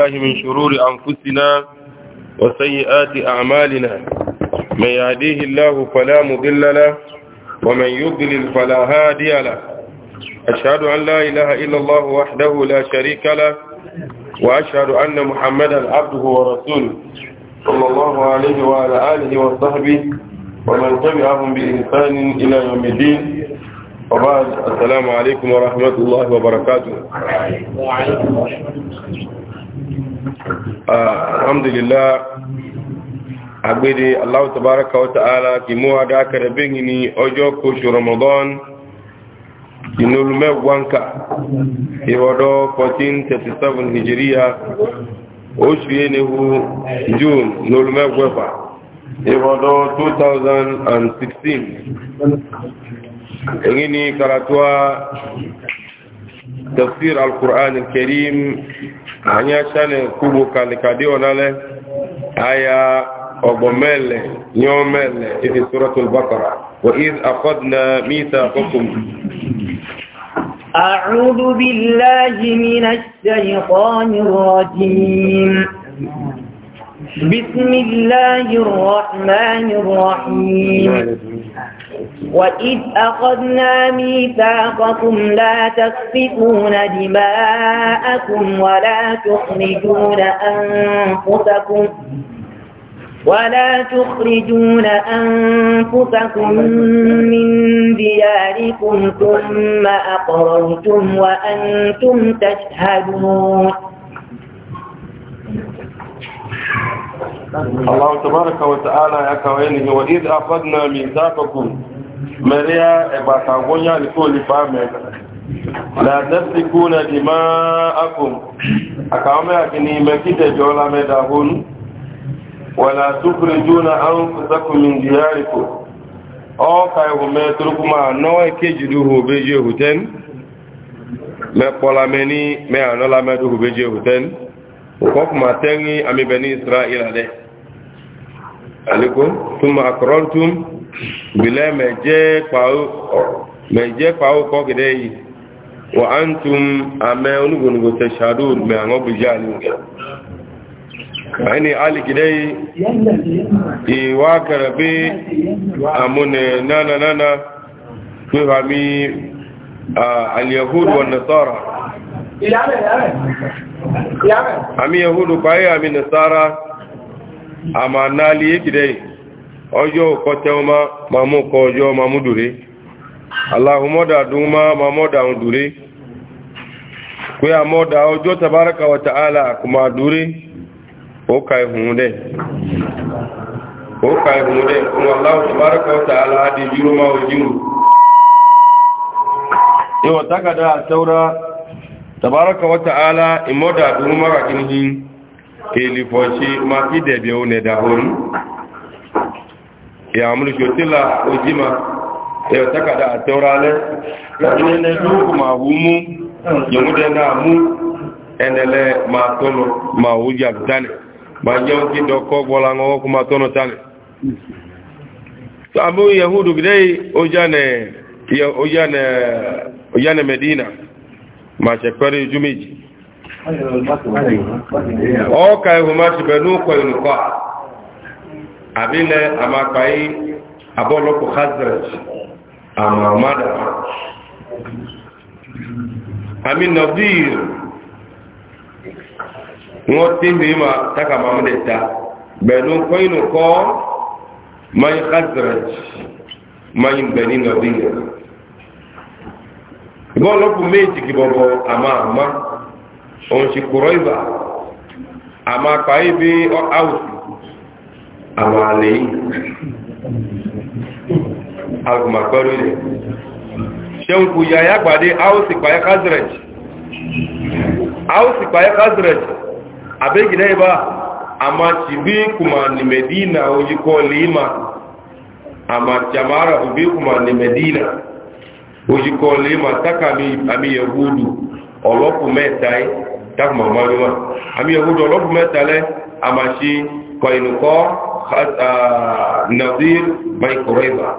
الله من شرور أنفسنا وسيئات أعمالنا من يهديه الله فلا مضل له ومن يضلل فلا هادي له أشهد أن لا إله إلا الله وحده لا شريك له وأشهد أن محمدا عبده ورسوله صلى الله عليه وعلى آله وصحبه ومن تبعهم بإنسان إلى يوم الدين وبعد السلام عليكم ورحمة الله وبركاته alhamdulillah agbede allahu tabaraka wa ta'ala ki mu aga kare bengini ojo ko shu ramadan inul mewanka iwodo 1437 Nigeria, oṣù yenehu june nul mewẹfa iwodo 2016 èyí ni karatuwa تفسير القرآن الكريم عنيا شان كوبو كان كاديو نالي آية أبوميل يوميل في سورة البقرة وإذ أخذنا ميثاقكم أعوذ بالله من الشيطان الرجيم بسم الله الرحمن الرحيم وإذ أخذنا ميثاقكم لا تسفكون دماءكم ولا تخرجون أنفسكم ولا تخرجون أنفسكم من دياركم ثم أقررتم وأنتم تشهدون الله تبارك وتعالى يا كوينه وإذ أخذنا ميثاقكم mẹ̀rẹ́ ẹ̀bàtà wọ́nyá lẹ́kọ́ olùfà mẹ́ta láàdẹ́sì kú na dì máa ákùn àkàwọn mẹ́ra kì ní mẹ́kítẹ̀ jọ lámẹ́dà hún wà látúkùrì jú na àrùn fẹ́sẹ́kùnmin dìyàríkò ọkà ihò mẹ́tùrùkú máa náwọ́ ìkéjì lúhù obéjì ehùtẹ́n mẹ́pọ̀lámẹ́ ní mẹ́ànọ́lámẹ́dù obéjì ehùtẹ́n kọkùnmá tẹ́rin àmì bẹ̀ní israẹ́lá dẹ́ àlékún túnmọ̀ àkọrọ́ntún bilẹ mẹjẹ kpawo mẹjẹ kpawo kọ gẹdẹ yìí wọ antum amẹ onugbonugbo tẹ ṣáàdó mẹ àwọn gbèjì àlùkẹ ẹni alìgẹdẹ yìí ìwà kẹrẹ bí àmúnẹ nánà nánà pé fàmí àlìyàhúdù wọn nasara àmì yahudu kpaye àmì nasara àmà nàlì gẹdẹ yìí ọjọ́ kọtẹ ọmọ mamú kọ ọjọ́ mamú dùrí aláhùmọ́dà dúnmá mamọ́dà ń dùrí pé a mọ́dà ọjọ́ tàbárakà wata ala kùmà dùrí ó ka ìhùn dẹ̀ ó ka ìhùn dẹ̀ fún aláhù tàbárakà wata ala adé jùlọ máa ojú yíwọ̀ takada àtẹ́wọ́dá tàbárakà wata ala ìmọ́dà dúnmá kàkínhín kèlìfọ̀ máa fi dẹ̀bẹ̀ ó nẹ̀dà horun ìyàmúlù ṣòtílà ojíma ẹ̀yọ̀ takàdà àtẹ́ọ́rọ̀ alẹ́ ẹ̀nẹ́lẹ́ lóòkù máa wú mú yẹ̀múdẹ́ náà mú ẹ̀nẹ́lẹ́ máa tọ́nà máa wú jà tánì máa jẹun kí dọ́kọ́ gbọ́la ọwọ́ kú medina máa ṣe pẹ́rẹ́ ojú méjì ọkà ẹ̀hùn máa ṣe pẹ̀lú ọkọ̀ abile amapai abolo ko khazraj amamada ami nadir ngoti bima taka mamdeta benu koinu ko may khazraj may bani nadir bolo ko meji ki bobo ama ama onse si kuroiba ama pai bi o awusi. àwọn àlè yìí agùnmàgbẹ́rù ilẹ̀ ṣeun kù yà yà gbàdé áwọ́sìpáyẹ́ kázìrẹ̀jì áwọ́sìpáyẹ́ kázìrẹ̀jì àbẹ́gìdẹ́ ibá àmà tí bí kùmà ní medina òyíkọ́ lèémà àmà tí a bí kùmà ní medina òyíkọ́ lèémà tákà àmì yahudu ọlọ́pù mẹ́ta tákùmà mọ́lúmà àmì yahudu ọlọ́pù mẹ́ta nazir bai kuraiba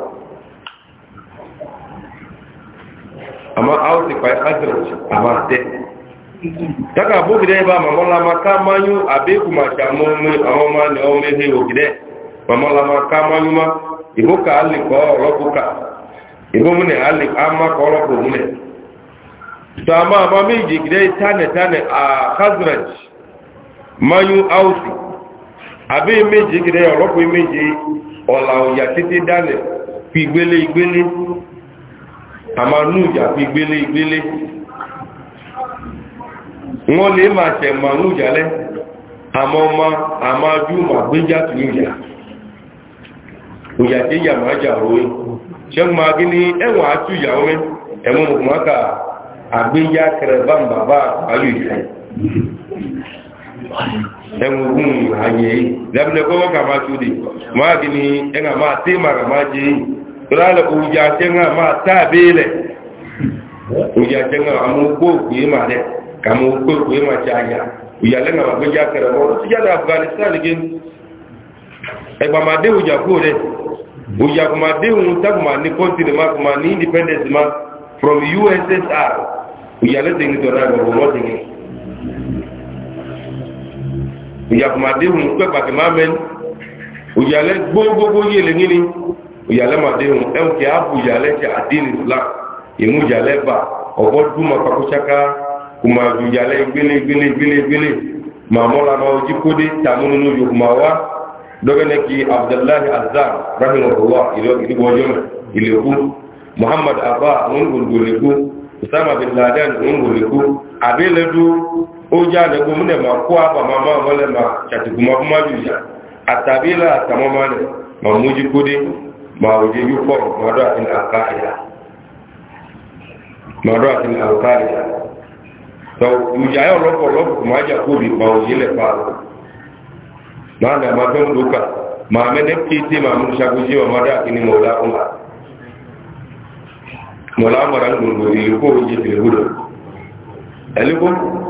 amma auti pai hazard amma te daga abu gida ba mamala ka manyu abe kuma ta na amma ne o mehe o gida mamala ka manyu ma ibo ka ali ko robuka ibo mune ali amma ko robu mune to amma amma meji gida tane tane a hazard manyu auti àbí méje gidẹ ọlọ́pọ̀ méje ọ̀là òyà títí dálẹ̀ fi ìgbélé ìgbélé àmà nú fi ìgbélé ìgbélé wọ́n lè máa tẹ̀ mà nú lẹ́ ọma ọmọ àmà ajú mà gbéjà tù ìjà òyà tí ìyà máa jà òwe ṣẹ́gun máa ní ẹ̀wọ̀n àtú ìyàwó kẹrẹ bá ń bàbá ẹ̀wọ̀n ogun àyè lẹ́bìnrin kọ́wọ́ kà máa tó dé máa kì ní ẹ̀ngà máa tí màá kà máa jẹ́ yìí tọ́lá lọ òjì àtẹ́ngà máa tá àbẹ́lẹ̀ òjì àtẹ́ngà àmọ́ ogbó òkú yé máa rẹ̀ kà mọ́ ogbó òkú yé máa ti àyà òjì àlẹ́ngà máa gbẹ́jà kẹrẹ mọ́ sí jáde afghanistan gẹ́ ẹgbàmàdé òjì àkó rẹ̀ òjì àkùmàdé òun tákùmà ní kọ́ntìrì ìyàkùmàdé hùn pẹ́gbàkì máa mẹ́ni òyàlẹ́ gbogbogbò yẹlẹ̀ níní òyàlẹ́ màdé hùn ẹ̀hùn kí á bù ìyàlẹ́ ti àdín islam ìmú ìyàlẹ́ bà ọ̀bọ́ dúmọ̀ pàkúṣáká kùmà ju ìyàlẹ́ gbélé gbélé gbélé gbélé màmọ́ra máa ojú kódé tàmúnú yorùbá wa dọ́gẹ́nẹ́ kí abdullahi azam rahimahullah ìdíwọ́ ọjọ́ ìlẹ̀kú muhammad abba ń gbòlgbòlẹ̀kú usama bin laden ń gbòlgbòlẹ̀kú àbẹ́lẹ́dú oja ne ko mune ma ko aba ma ma mole ma chatu kuma kuma biya atabila atamama ne ma muji kudi ma oje yu ko ma do atin alqaida ma do atin alqaida to uja yo lopo lopo ma ja ko bi ma oje le pa na na ma don duka ma me ne kiti ma mu shagu ji ma da kini mola kuma mola mara nguruguri ko oje tele gudu eliko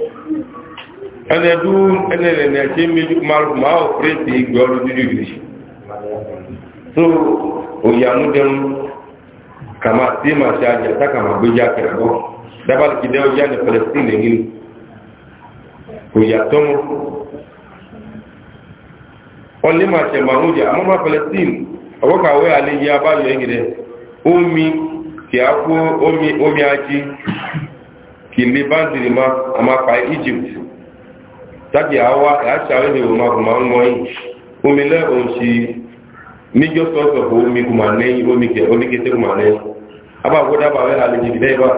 ẹnẹ dú ẹnẹ lẹnẹ ṣe méjì máa ọ̀pẹ́rẹ́tì ìgbẹ́ ọdún dídì rẹ̀ so òyànú dẹun kàmá tí màá ṣe àjẹsà kàmá gbéjà kẹrẹgọ dábàlì kìdẹ ọjà ní palestine nìyí òyàtọ́ mọ́ wọn ní màá ṣe màá ń jẹ àmọ́ má palestine ọwọ́kàwé àlejò abáyọ ẹ̀gẹ̀dẹ̀ omi kì á kó omi omi ajé kì lè bá ń a ma àmàpá egypt taki awa aṣawe ni o ma kuma ń wọ́n omi lẹ́ òun ṣi major source of omi kuma lẹ́yìn omi kété kuma lẹ́yìn abá kó dábàá wẹ́ àlejò ìdílé bá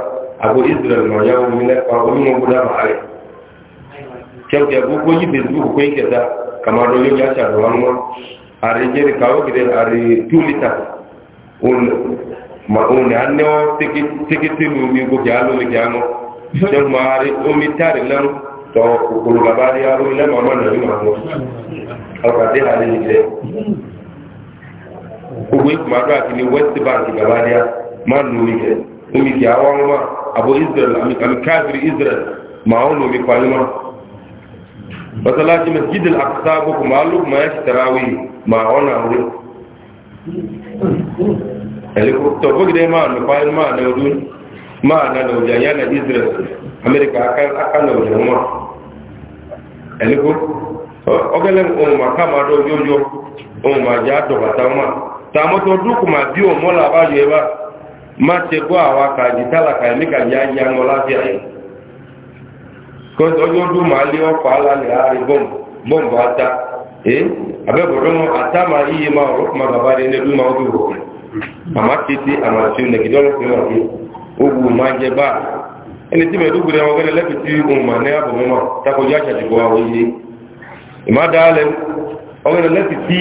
àgbo israel ma yá omi lẹ́pa omi wọn kó dábàá rẹ̀ kẹ́kẹ́ gbogbo yí facebook kó yín kẹta kàmáàdó yóò yá ṣàdó wọn wọn àrí jẹ́rì káwọ́ kìdẹ́ àrí two litres òun ni a nẹ́wọ́ tẹ́kẹ́tẹ́ mi omi gbogbo àlómi kí a mọ́ ṣẹ́kùn ma àrí omi tàrí lẹ́nu tọ kòkòrò bàbá rí arú ilẹ̀ mọ̀mọ́ náà yóò máa mọ́ ọkàdé àlè ìlẹ̀ gbogbo ìkùmádó àti ní west bank bàbá rí máa nù mí kẹ omi kì á wọ́n wá àbò israel àmì káàkiri israel máa ń nù mí pàlú mọ́ masalasi masjid al-aqsa boko ma lu ma yaki tarawi ma ona wuri eliko to bogi de ma no pa ma na odun ma na no janya na israel america aka aka no jama ẹnikó ọgẹ́lẹ́ ohun àká máa dọ́ yóyó ohun àjá dọ̀bàtà ọmọ tààmọ́tọ́ dúkù máa bí òun mọ́lá bá yọ ẹbá má ṣe gbọ́ àwọn akàjì tálàkà ẹ̀míkà yá yá wọn láfíà yìí kọ́sí ọjọ́ dún máa lé ọkọ̀ alálẹ̀ àárẹ̀ bọ́ǹbù ata ẹ́ abẹ́bọ̀dọ́ wọn ata máa yíye máa ọ̀rọ̀ kọ́ máa bàbá rẹ̀ ní ẹdún máa ó bí wọ̀ àmá tètè àmàṣe nẹ̀gídọ́lọ́pẹ̀ wọ̀ ẹni tí mẹ́dúgbùrẹ́ wọn gẹ́lẹ́ lẹ́pẹ̀ tí ohun mà ní ààbò mọ́ àwọn iye ọgẹ́lẹ́ tí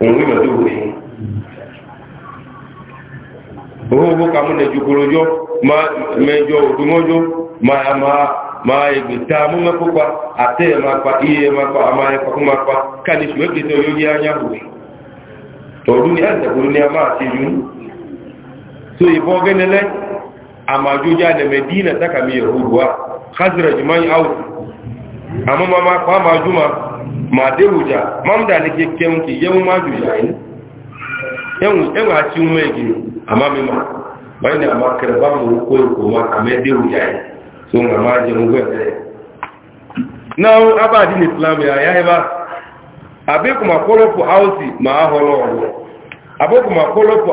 ohun mẹ́dúgbùrẹ́ owó kàmúnẹ̀jú kúròjọ́ mẹ́jọ òdúnmọ́jọ́ máa ẹgbẹ̀ tá a mú mẹ́kópa àtẹ́ ẹ̀ máa pa iye ẹ̀ máa pa àmà máa pa ṣùgbọ́n kìí tẹ́ amajuja da medina ta kami ruruwa khazraj man au amma ma kwa majuma ma dehuja mamda ne kekem ki yemu majuja ni yemu yemu achi umegi amma mima mu ko ko ma kame dehuja ni so ngamaje mu islam ya yaiba abeku makolopo ausi maaholo aboku makolopo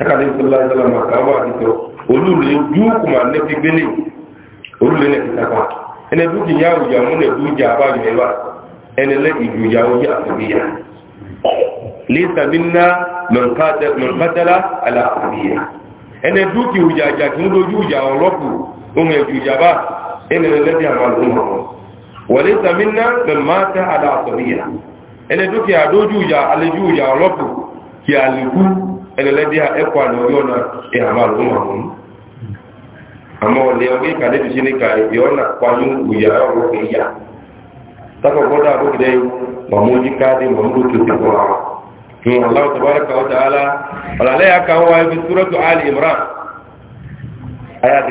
akadé sọlá ìsọlá ma kàwá àdìsọ olùlé ojú kùmà nẹ́fí gbélé olùlé nẹ́fí sàkà ẹnẹ dúkì ní àwùjá mú nẹ dújà bá yẹ wá ẹnẹ lẹ ìjùjà ojú àfẹ́bíyà lẹ́sà mi ná mọ̀nkátẹ́lá àlà àfẹ́bíyà ẹnẹ dúkì ìjùjà àjà kí ń dojú ìjà ọlọ́pù ohun ìjùjà bá ẹnẹ lẹ́bí àmàlùmọ̀ wọ̀lẹ́sà mi ná mọ̀nkátẹ́ àlà àfẹ́bíyà ẹnẹ dúkì àdójú ìjà àlejò ìjà ọlọ́pù kí àlèkú ẹlẹ́lẹ́dẹ́ ẹkọ àlọ́yọ́ na ìhàmà àlùmọ̀hún àmọ́ ọ̀lẹ́ ọgbẹ́ ìkàlẹ́bì sí ní ka ìyọ́ na pàánú ìyà ọ̀rọ̀ ìyà tákọ̀kọ́dá àbúkìdẹ́ mọ̀mọ́jí káàdì mọ̀mọ́dó tó ti kọ́ àwọn fún aláwọ̀ tàbárakà ọ̀tà alá ọ̀làlẹ́ yà kan wáyé fi súrọ́tù alì imran ayáti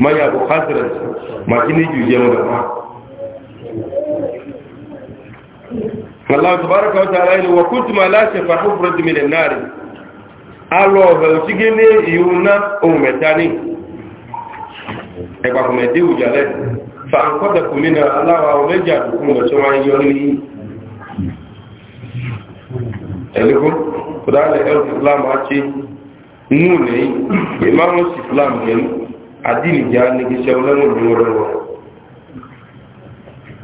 maya bu hazret makini ju jemu da ma Allah tabaraka wa ta'ala ni wa kuntum la shafahu furad min an-nar alo ho sigene yuna umetani e ba ko me di ujale fa an koda kumina Allah wa umeja kumba choma yoni eliku kudale el islam achi nune imamu islam yenu adini ja nigi sewle mo ni wore wo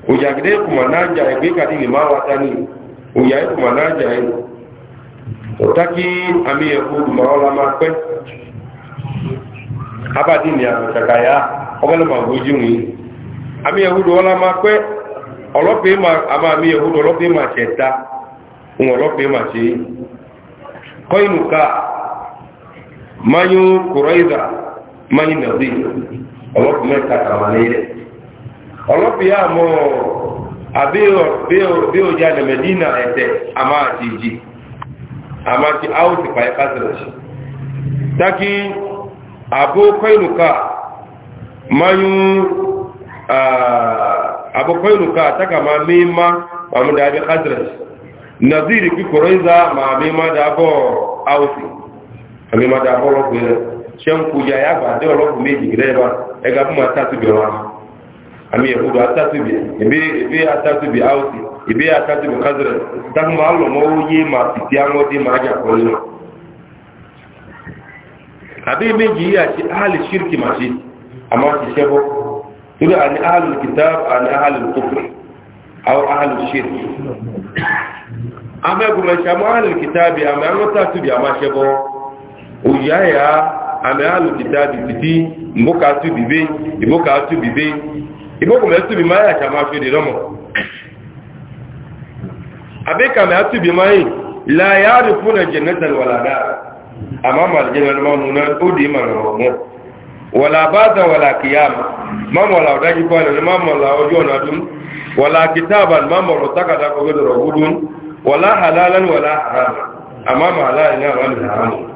o ja gide kuma na ja e be kadini ma wa tani o ya e kuma na ja e o taki ami e ku ma ola ma pe abadi ni a kaka ya o gele ma goji ni ami e hudo ola ma pe olope ma ama ami e hudo olope ma cheta un olope ma chi koinuka mayu kuraiza mani nabi ọlọpù mẹta kàmàlẹ yẹ ọlọpù yà mọ àbí ọjà nàmẹdínà ẹtẹ àmà àti ìjì àmà àti áwùsì pàyẹ kásìlẹsì taki àbó kọ́ìnùká mayú àbó kọ́ìnùká taka ma mímá pàmùdà àbí kásìlẹsì nàzírí kíkòrò ìzá ma mímá dàbọ̀ áwùsì àmì má dàbọ̀ lọ́pù yẹn sẹ́ńkùjà yà gbàdé ọlọ́pù méjì rẹ̀ wa atatu fún atátùbì wa àmì ẹ̀kúdù atátùbì ìbí atátùbì áùsì ìbí atátùbì kásìrẹ̀ dákùnmọ́ alọ́mọ́ ó yé ma tìtì aŋọ́dé ma ájà kọ́ nínú. àbí méjì yìí àti áàlì ṣírkì mà ṣe àmọ́ ti ṣẹ́ bọ́ torí àní áàlì kìtàb àní áàlì kófì àwọn áàlì ṣírkì. àmọ́ ẹ̀kúnmọ̀ ṣe àmọ́ áàlì kìtàbì àmọ́ ame alukita bibiti mboka tu bibe iboka tu bibe iboko me tu bi maya cha ma fi de lomo abe ka me tu bi mai la yarifuna jannatan wala nar amama aljanna ma muna odi ma no mo wala bada wala kiyama mama wala odaji ko ne mama wala ojo na dun, wala kitaban mama wala takada ko godoro gudun wala halalan wala haram amama halal ina wala haram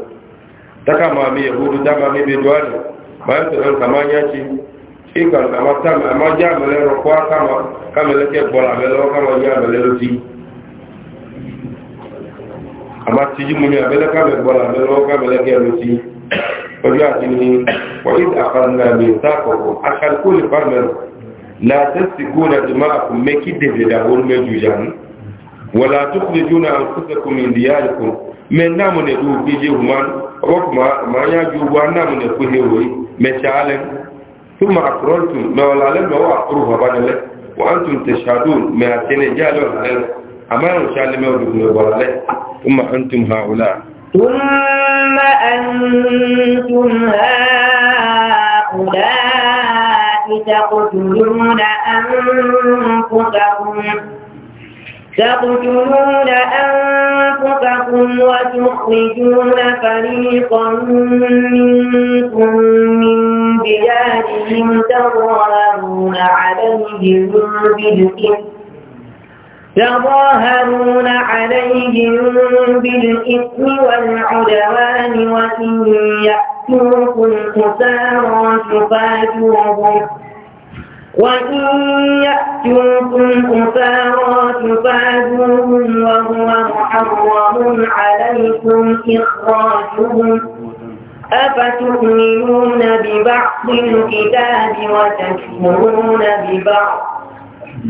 taka mami yahudu taka mami beduani bayan to en kama nyachi ikan kama tam ama ja melero kwa kama kama leke bola melo kama ya melero ti ama tiji muni abele kama bola melo kama leke luti oja tini wa id aqalna mithaqakum akal kul ma, la tasfikuna dima'akum mekide de da wol mejujan wala tukhrijuna anfusakum min diyarikum men namune du bije human ọbọkụ ma anya ji ugwu ana m na-ekweghị ewe mechaa alị tuma akụrọntu meọlalị meọ akụrụ họbanile wàntun tẹ̀ṣàdùn mẹ́ àtẹ́lẹ̀ jẹ́ àlọ́ àlẹ́ àmárùn ṣáàlẹ́ mẹ́ ọdún mẹ́ bọ̀lálẹ́ ọmọ àntùm ha ọ̀lá. ثم أنتم هؤلاء تقتلون أنفسكم تقتلون أنفسكم وتخرجون فريقا منكم من بلادهم تظاهرون عليهم بالإثم تظاهرون عليهم بالإثم والعدوان وإن يأتوكم قسارا تفاجوهم وإن يأتوكم كفارا تفادوهم وهو محرم عليكم إخراجهم أفتؤمنون ببعض الكتاب وتكفرون ببعض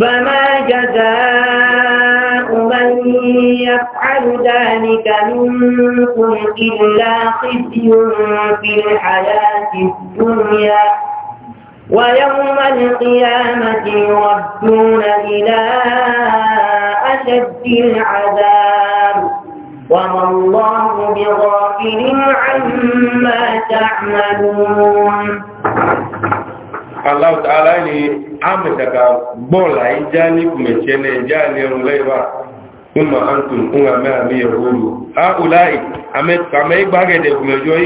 فما جزاء من يفعل ذلك منكم إلا خزي في الحياة الدنيا ويوم القيامة يردون إلى أشد العذاب وما الله بغافل عما تعملون Allah ta'ala ni amtaka bola ijani kumechene ijani onleba kuma antum unga mea miyo hulu. Ha ulai, ame kame igbagede kumejoi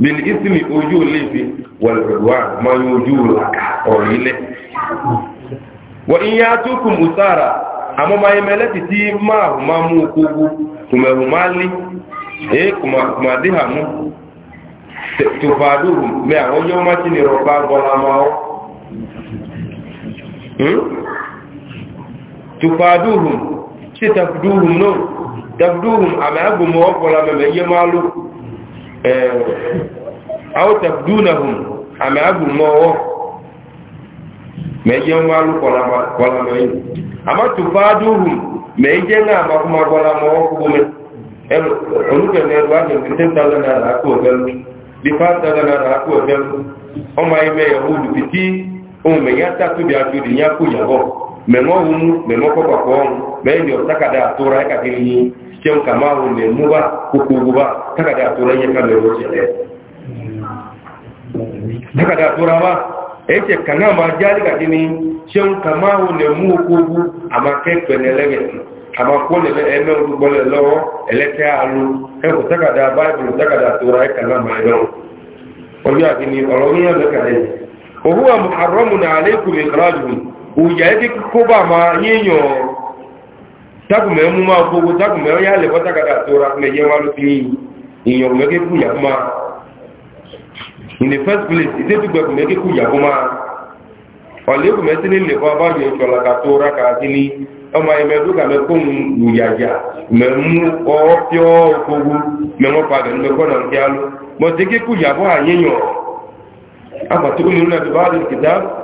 bil ismi ojú léfi wal udwan ma yi ojú laka ọ̀rọ̀ ilẹ̀ wọ iye atókù musara àmọ́ ma imẹ́lẹ́ ti tí máa hù máa mú okogbo kùmẹ̀hù máa lé èé kùmàdéhàmú tòfàdóhù mẹ́ àwọn yọ́ má ti ní rọ̀bá gbọ́lá hmm? máa ọ́ tòfàdóhù ṣe tàbdóhù náà tàbdóhù àmì àgbòmọ̀ ọ̀pọ̀lá mẹ́mẹ́ máa lókù awụtabdunahum ama abụ mọwọ ma eje nwa alụ kpọlamayị amatufaduhum ma eje na amakwụmagwala mọwọ kwụgbume olùkẹ̀lẹ̀ ẹ̀rọ àgbẹ̀gbẹ̀ ten thousand naira àkó ọ̀fẹ́lú bí five thousand naira àkó ọ̀fẹ́lú ọmọ ẹ̀mẹ́ ẹ̀họ́ olùfitì ohun mẹ̀yà tàbí àjòdì ní àkó ìyàbọ̀ mɛmɔ hunu mɛmɔ kɔkɔ kɔn mɛyɛ jɔ takada a tora e ka kiri yi cɛw kama o lɛ muba kokoguba takada a tora ɲɛ ka mɛ o cɛ dɛ takada a tora ma e cɛ kanga ma jaali ka kiri cɛw kama o lɛ mu kogu a ma kɛ pɛnɛ lɛgɛ a ma kɔ lɛ ɛmɛ olu bɔ lɛ lɔwɔ ɛlɛ tɛ a lu ɛ o takada a b'a bolo takada a tora e kanga ma yɛ dɔn o y'a kiri ɔlɔwɔ yɛ bɛ ka dɛ o huwa muharramun alaykum ikhrajuhum ụja eke kụba ma nye enyo takume emume akwụkwọ takume onye a lekọta gara atụra meje nwarụta iyi inyọrụ mege kwuya ma in the first place ite tukwe kumege kwuya kuma ọla ekwu mesi ni lekọ abajọ ịchọla ka tụra ka asịni ọma emedu ka mekọ ụyaja alụ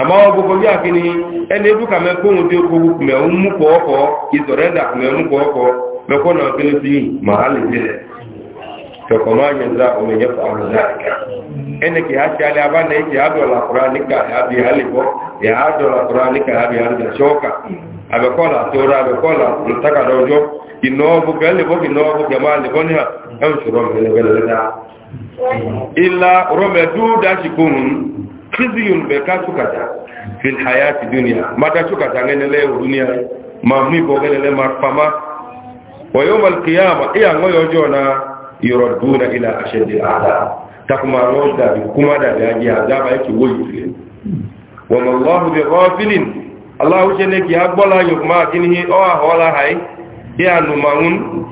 àmọ́ gbogbo bí àkíní ẹni dúkà mẹ́ kóhun tí ó kó gbogbo mẹ́ ń mú kọ́ ọkọ̀ ìsọ̀rẹ́dà mẹ́ ń kọ́ ọkọ̀ mẹ́kọ́ náà kí ló fi yìn màá lè délẹ̀ tọkọ̀ máa yẹn za omi yẹn fà kura níkà àbí àlèbọ̀ ẹ̀ àdọ̀là kura níkà àbí àlèbọ̀ ṣọ́ọ̀kà àbẹ̀kọ́là tóra àbẹ̀kọ́là ntakàdọ̀jọ́ ìnáwó kẹ́lẹ́bọ̀ ìnáwó kẹ́mọ́ àlèbọ̀ níhà ẹ̀ ń ṣòro ìlà rọmẹdú dáṣì kiziyun bɛ ka sukata fil hayati duniya mata sukata ŋɛnɛlɛ o duniya ma mi bɔ ŋɛnɛlɛ ma fama wa yawma alqiyama iya ŋɔyɔ jɔna yuraduna ila ashaddi al'adab takuma ŋɔ dabi kuma dabi aji azaba yake woyi file wa ma allahu bi ghafilin allah wuce ne ki agbɔla yokuma kinihi ɔ ahɔla hayi iya numaŋun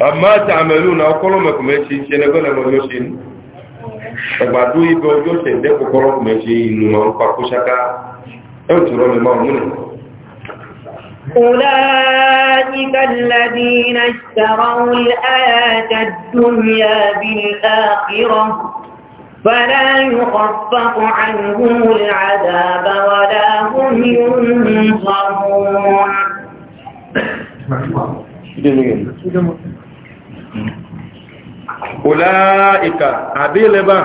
amma ta'maluna ɔkɔlɔ mɛkumɛ si sɛnɛgɔlɛ mɔ yɔsin ẹgbàdo ibẹ̀ ọjọ́ tẹ̀lé kòkòrò mẹ́ṣe inú ma ń pàkó ṣáká ẹ̀rù tí rọ́mẹ máa múnà أولئك الذين اشتروا الآية الدنيا بالآخرة فلا يخفف عنهم العذاب ولا هم ينصرون ulaika abileba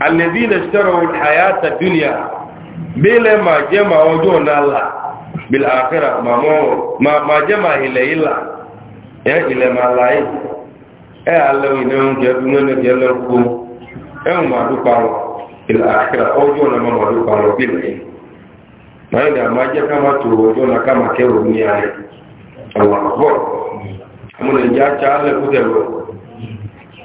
alladhina ishtaraw alhayata ad-dunya bile ma jema ojo nala bil akhirah ma mo ma ma jema ile ila ya ile malai e alawi ne je bi ne je lo ku e ma du paro bil akhirah ojo na ma du paro bile ma ida ma je kama tu ojo na kama ke dunia Allah akbar amuna ja cha ale kutewo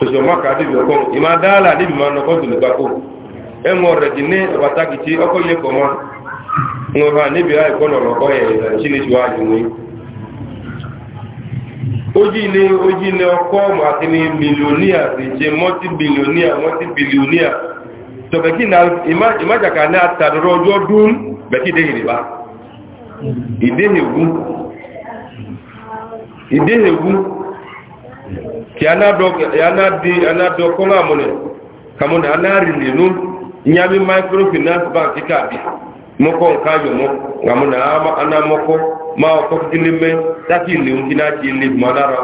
tòṣọ má kàá dìbò kọ́ ìmá dáàlà níbi máa nọkọ́ tó lè gbapò ẹ̀wọ̀n rẹ̀ dì ní pàtàkì tí ọkọ̀ yẹ kọ̀ máa ń wọ́n hàn níbi àìkọ́ nọ̀rọ̀kọ́ ẹ̀ ṣíléṣù ààyè wọn ojí ni ojí ni ọkọ́ àti ni mílíọ̀níà sì ṣe mọ́tí bílíọ̀níà mọ́tí bílíọ̀níà tọ̀bẹ̀kì na ìmájàkà ní àtàdọ̀rọ̀ ọjọ́ dún bẹ̀kì dé ìrìbá ìdéhègún ki ana do ana di ana do ko nga mune kamun ana rini nun nyami microfinance bank ka moko mo ko ka yo mo ngamun ama ana mo ko ma ko dilime taki ni ngina ti ni madara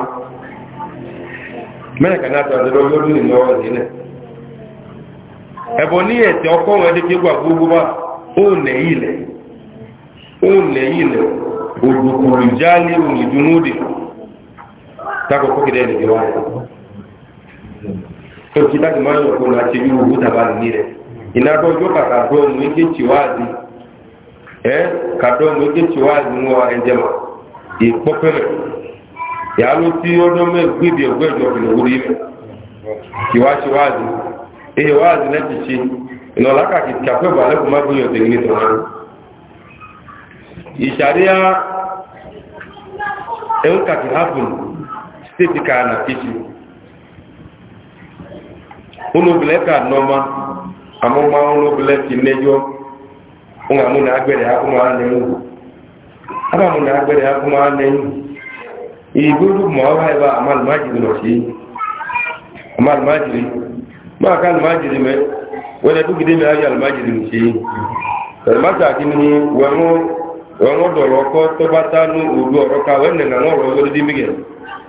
mẹ́ẹ̀kà náà tọ́jú lórí ìlọ́wọ́ ìlẹ̀ ẹ̀bọ̀ ní ẹ̀tẹ̀ ọkọ̀ wọn ẹ̀dẹ́ kí gbà gbogbo bá òun lẹ̀ ilẹ̀ òun lẹ̀ ilẹ̀ òdòkòrò ìjálẹ̀ òun ìdúnúdè tako ko kide ni wa to kita ki mayo ko na ti yu buta ba ni re ina do jo ka ka do mu ke ti wazi eh ka do mu ke ti wazi mu wa enjema i popele ya lo ti o do me gbe o gbe jo ni wuri me ki wa ti wazi e wazi na ti ti ina la ka ki ka ko ba le ko ma bu yo te ni to na ìṣàríyá ẹ̀ń kàkì hápùnù steeti ka na Unu unubile ka nọma amụma unu unubile ti mejọ nwa mụ na agbere akụma anaghị aba mụ na agbere akụma anaghị igodu ma ọha ebe amalumajiri nọchi amalumajiri ma aka alumajiri me wọ́n ẹ̀dú gidi mi ayé alùmájìlì ń ṣe ẹ̀lùmájà kí ni wọ́n dọ̀rọ̀ ọkọ́ tó bá tá ní òdu ọ̀rọ̀ ká wọ́n nìkan ọ̀rọ̀ ọ̀rọ̀ dídí mìíràn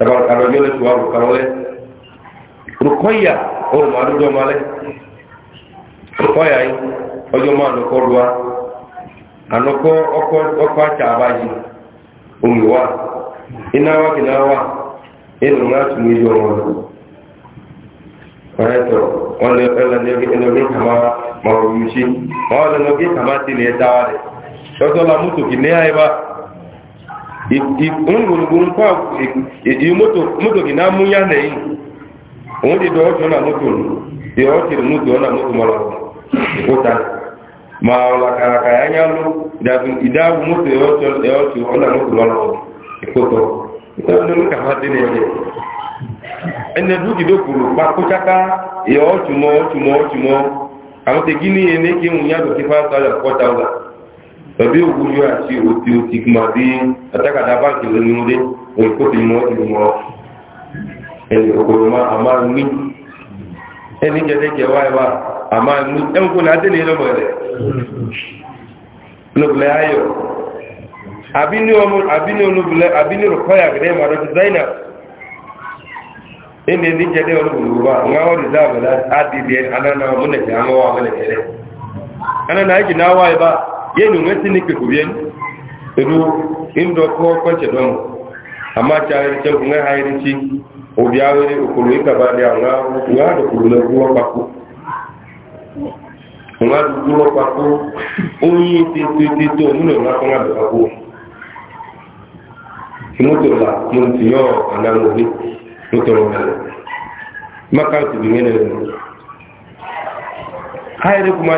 àrọ̀jọ́ lè tó àrùn kan lẹ́ rùkọ́yà ohun máa dúdú ọmọ alẹ́ rùkọ́yà yìí ọjọ́ máa nọkọ́ lọ́wọ́ ànọkọ́ ọkọ̀ àtsà àbáyé omi wa iná wa kìnnà wa inú ńlá tún ní ìjọ wọn wọn ẹtọ la ìgbòrògbòrò pa mọ́tò kì náà mú yánà yìí na ti dọ̀ ọ́tún náà mọ́tò ní ọ́tún ní mọ́tò náà mọ́tò ma ọ̀la kàràkà yányá ló ìdáàbò mọ́tò ọ̀tún náà mọ́tò mọ́lọ́ ìkótọ́ ìtọ́jú ní kàfá dé nìyẹn ẹnẹ dúkì dó ẹbí òkú yóò àti òtí òtí kìmọ̀ bí àtàkàdá báńkì lónìí òkú ti mọ́ ti mọ́ ẹni òkòrò máa a máa ní ẹni jẹ́lẹ́jẹ́ wáyé wá a máa ní ẹnkú ní adé ní ẹlọ́mọ̀ rẹ̀ lóbulẹ̀ ayọ̀ àbíní olóbulẹ̀ àgẹ́dẹ́ màdọ́ ti zainab ẹni ẹni jẹ́lẹ́ olóbulẹ̀ wá ń wáwọ́ rìzáàbù adìdẹ anáná ọmọlẹ̀kẹ̀ àwọn ọmọlẹ̀kẹ̀ rẹ̀ anáná ẹjì náà wáyé bá yenu nwe tinike ni edu indo ko ko che don amma ta ri che chi obi awere okuru ika ba dia nga do na guwa paku nga do guwa paku onyi ti ti ti to mu no nga ko nga do la ana moto maka kuma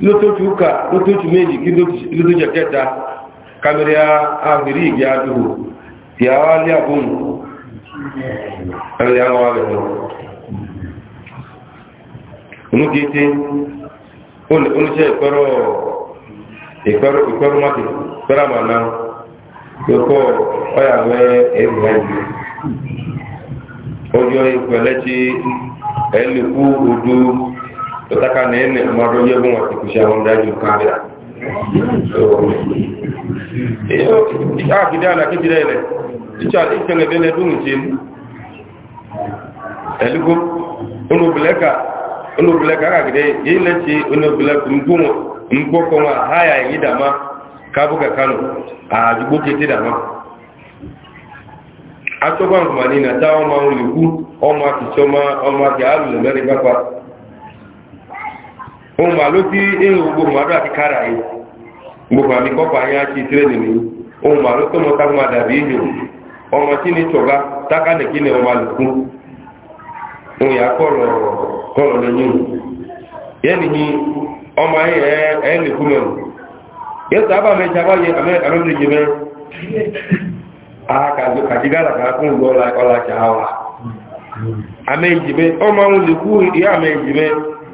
lótótù ká lótótù méjì kí lótótù jẹ́kẹta kàmìrì àmìrí ìgbé àdúgbò tí a wá lé àbúrùn ẹ̀rẹ̀ àwọn àrẹ̀mọ̀ onúkété oníṣẹ́ ìpẹ́rọ ìpẹ́rọ máti pẹ́rọ àmàna lókọ́ ọyàwẹ́ ẹ̀rẹ̀ ọjọ́ ìpẹ́lẹ́ tí ẹ̀lẹ́kú odó taka na ene mmadụ onye bụ nwata kwụsịa ahụ ndị ajụ karịa agide ala kejiri ele ichara ikele bele dum jin elugo unu bileka unu bileka ka gide ile ci unu haya ka kano a jugbo kete dama atọgba na ọma nlikwu ọma kìchọma ọma kì ohun ma ló tí èrò gbogbo ayé mi ma tó mọ táwọn àdàbí ìlú ọmọ tí ni ọmọ àlùkù ohun yà kọ́lọ̀ kọ́lọ̀ lẹ́yìn yẹ́nì ní ọmọ ayé ẹ̀ ẹ̀ lè kú mẹ́rin yẹ́sọ̀ àbá mẹ́rin sábà yẹ àmẹ́rin jẹ mẹ́rin àkàjọ kàjígára kan kún lọ́la ọlá ṣàwà àmẹ́rin jẹ mẹ́rin ọmọ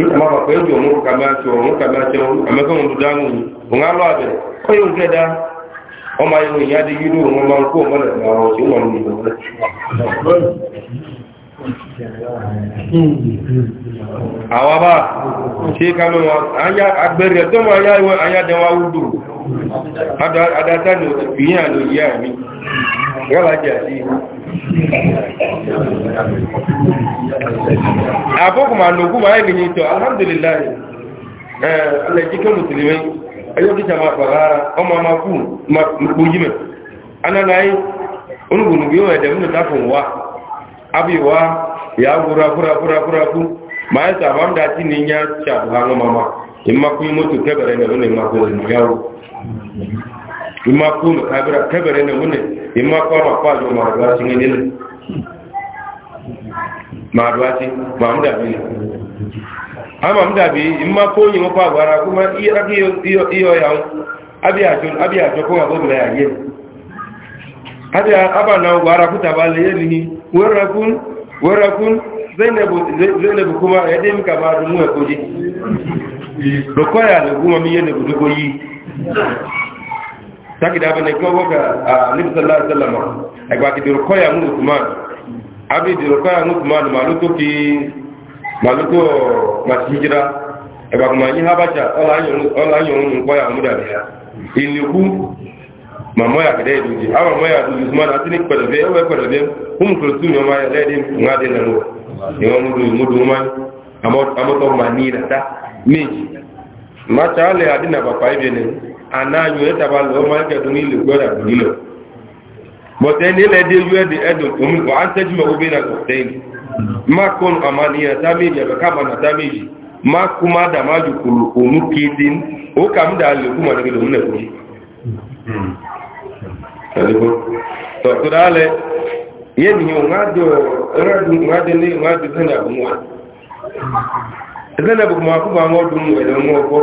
ìtàmà pàpẹ́ ìjọ mú kàmẹ́ àti ọ̀rún kàmẹ́ àti ọ̀rún àmẹ́kọ̀ọ́n a dáhùn yìí òun á lọ ọ kọ́ yóò fẹ́ dá ọmọ ayé òun yáde yìí lóòrùn ọmọ ń kó ọmọ rẹ̀ àbọ́kù ma lògún ma yẹ́ gbìyànjú tọ́ alhamdulillah alẹ́jíkẹ́ mùsùlùmí ẹjọ́ kíta ma pàrà ara ọmọ ma kú mọ̀ jímẹ̀ análáyé onúgbùnùgbé wọ̀ ẹ̀dẹ̀ múnú táfùn wá abì wá ìyá gúra gúra gúra gúra kú ma ya sọ ní yá ṣàbùhá wọn ìmọ̀ kọ́ ma pàjọ màdùá sí ní nílẹ̀ màdùá sí màmúdàbí amàmúdàbí ìmọ̀ kó yìí mọ́ pàgọ́ ara kó ya kí iyọ̀ yà ń abí na kó wà bó bẹ̀rẹ̀ àyè àti abànà ọgbà ara zainabu kuma ya dai muka ba mu ya koji lokoya da kuma mi yadda gudu koyi takida abene ko boka nabi sallallahu alaihi wasallam ay ba kidir ko ya mu usman abi dir ko ya mu usman ki ay ba ma ni habaja ola ola ko ya mu da ya duji usman atini ko o ko hum ko no ma ya ledi ngade na no ni mo du mo du ma amo amo to manira ta ma cha le adina ba pa anáyọ ẹtàbà lọ ọmọ ẹkẹdùn ilẹ̀ gbọ́dà nílò bọ̀tẹ́ nílẹ̀ dé yú ẹ̀dẹ̀ ẹ̀dùn omi wà á tẹ́jú mọ̀ obìnrin àkọ́tẹ́ yìí má kọ́nù àmàlìyàn táméjì àbẹ̀kábànà táméjì má kú má dàmá jù kòrò òun kéde ó kà ń dà lè kú mà nígbèdè òun lẹ̀kọ́ tọ̀tọ̀dá lẹ yẹn nìyẹn òun á dùn òun á dùn ní òun á dùn sẹ́nà àbùmọ̀ ẹ̀ sẹ́nà àbùmọ̀ àkúbà wọn dùn ẹ̀dẹ̀ wọn ọkọ̀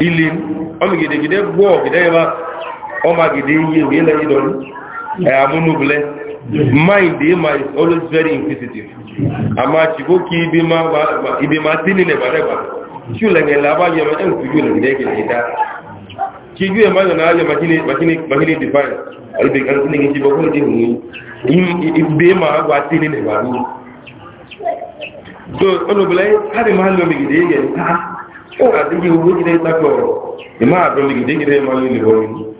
ilin ọmọ gidegide gbọ́ ọ̀gidẹ́ yẹba ọmọ gidi iye ìwé ilẹ̀ ìdọ̀lú àmúnúbulẹ̀ mind ma is always very inquisitive àmà chìkó kí ibi ma tí nílẹ̀ gbàdẹ́gbà tí ó lẹ̀gẹ̀ làbá yẹmọ ẹ̀ ń fi yóò makini define kan ma so mi gidi ewa adịghị uwe gide ịtakọ ọrụ ịma adọligide gide ịmanya ulebo n'ihu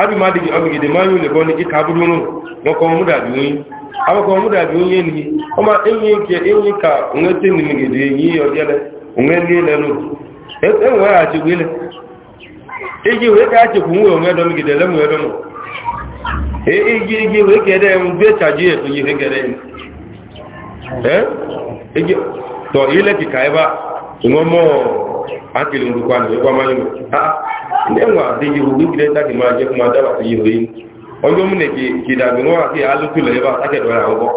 abị m adịghị ọgịgide mmanya ulebo n'ihu ka bụrụ ụrụ maka ọmụdabi onye abụkọ ọmụdabi onye enyi ọma enyi enyi ka nweta nụ enwe e ha wee ka achịkwa nwe onwe wee etu ihe e e kere tọ ilẹ̀ kìkà ẹbá ìwọ́n mọ́ ákìlì orúkọ àmì ìwọ́n máa yìí lẹ́wọ̀n àdéyìí orú ìgbìlẹ̀ tàbí máa jẹ́ fún adáwà sí yìí oyin ọjọ́ múnẹ̀ kìdàbí wọ́n àti alùpùlẹ̀ ẹbá sákẹ̀dọ̀ rẹ̀ àwọn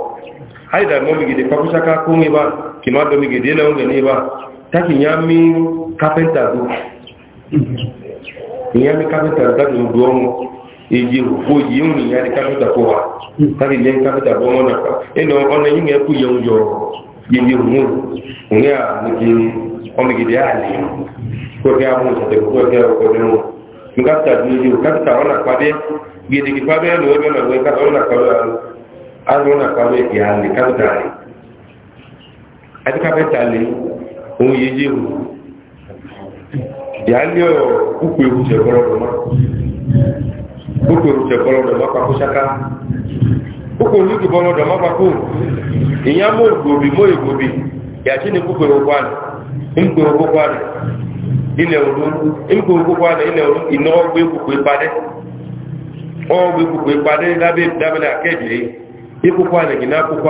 àìdà mọ́ mi gèdè pápúsáká kún mi bá kì má dọ́ mi gèdè lẹ́wọ̀n gẹ̀ ní bá tákì ìyá mi kápẹ́ntà èyí òfò yìí ń rìn ìyá ní kápẹ́ntà kó wa tákì ìyá ní kápẹ́ntà bọ́ mọ́nà ẹnà ọ̀nà yìí ń ẹkú yẹun yọ̀rọ̀ yeye mu òun yà nìkì ọmọgìdì àlè kókè àwọn òṣèlè kókè ọkọ ní wọn ní kápítà tó yẹ kápítà wọn àpàdé gidigidi pàdé ẹnu ẹgbẹ náà wọn kápítà wọn àpàdé àlè wọn àpàdé ìyá àlè kápítà àlè àti kápítà àlè òun yeye mu ìyá àlè ọ kúkú ewu kókò ní ìdìbò ọlọ́dọ̀ má pàkó ìyá mọ́ ìgbòbí mọ́ ìgbòbí yàtí ní kókò ìrọ̀kọ́ àná ńkò ìrọ̀kọ́ àná ilẹ̀ òru ńkò ìrọ̀kọ́ àná ilẹ̀ òru ìnáwó gbé kókò ìpadẹ́ ọwọ́ gbé kókò ìpadẹ́ lábẹ́ dábẹ́lẹ́ akẹ́dìrí ikókò àná ìgbìnà kókò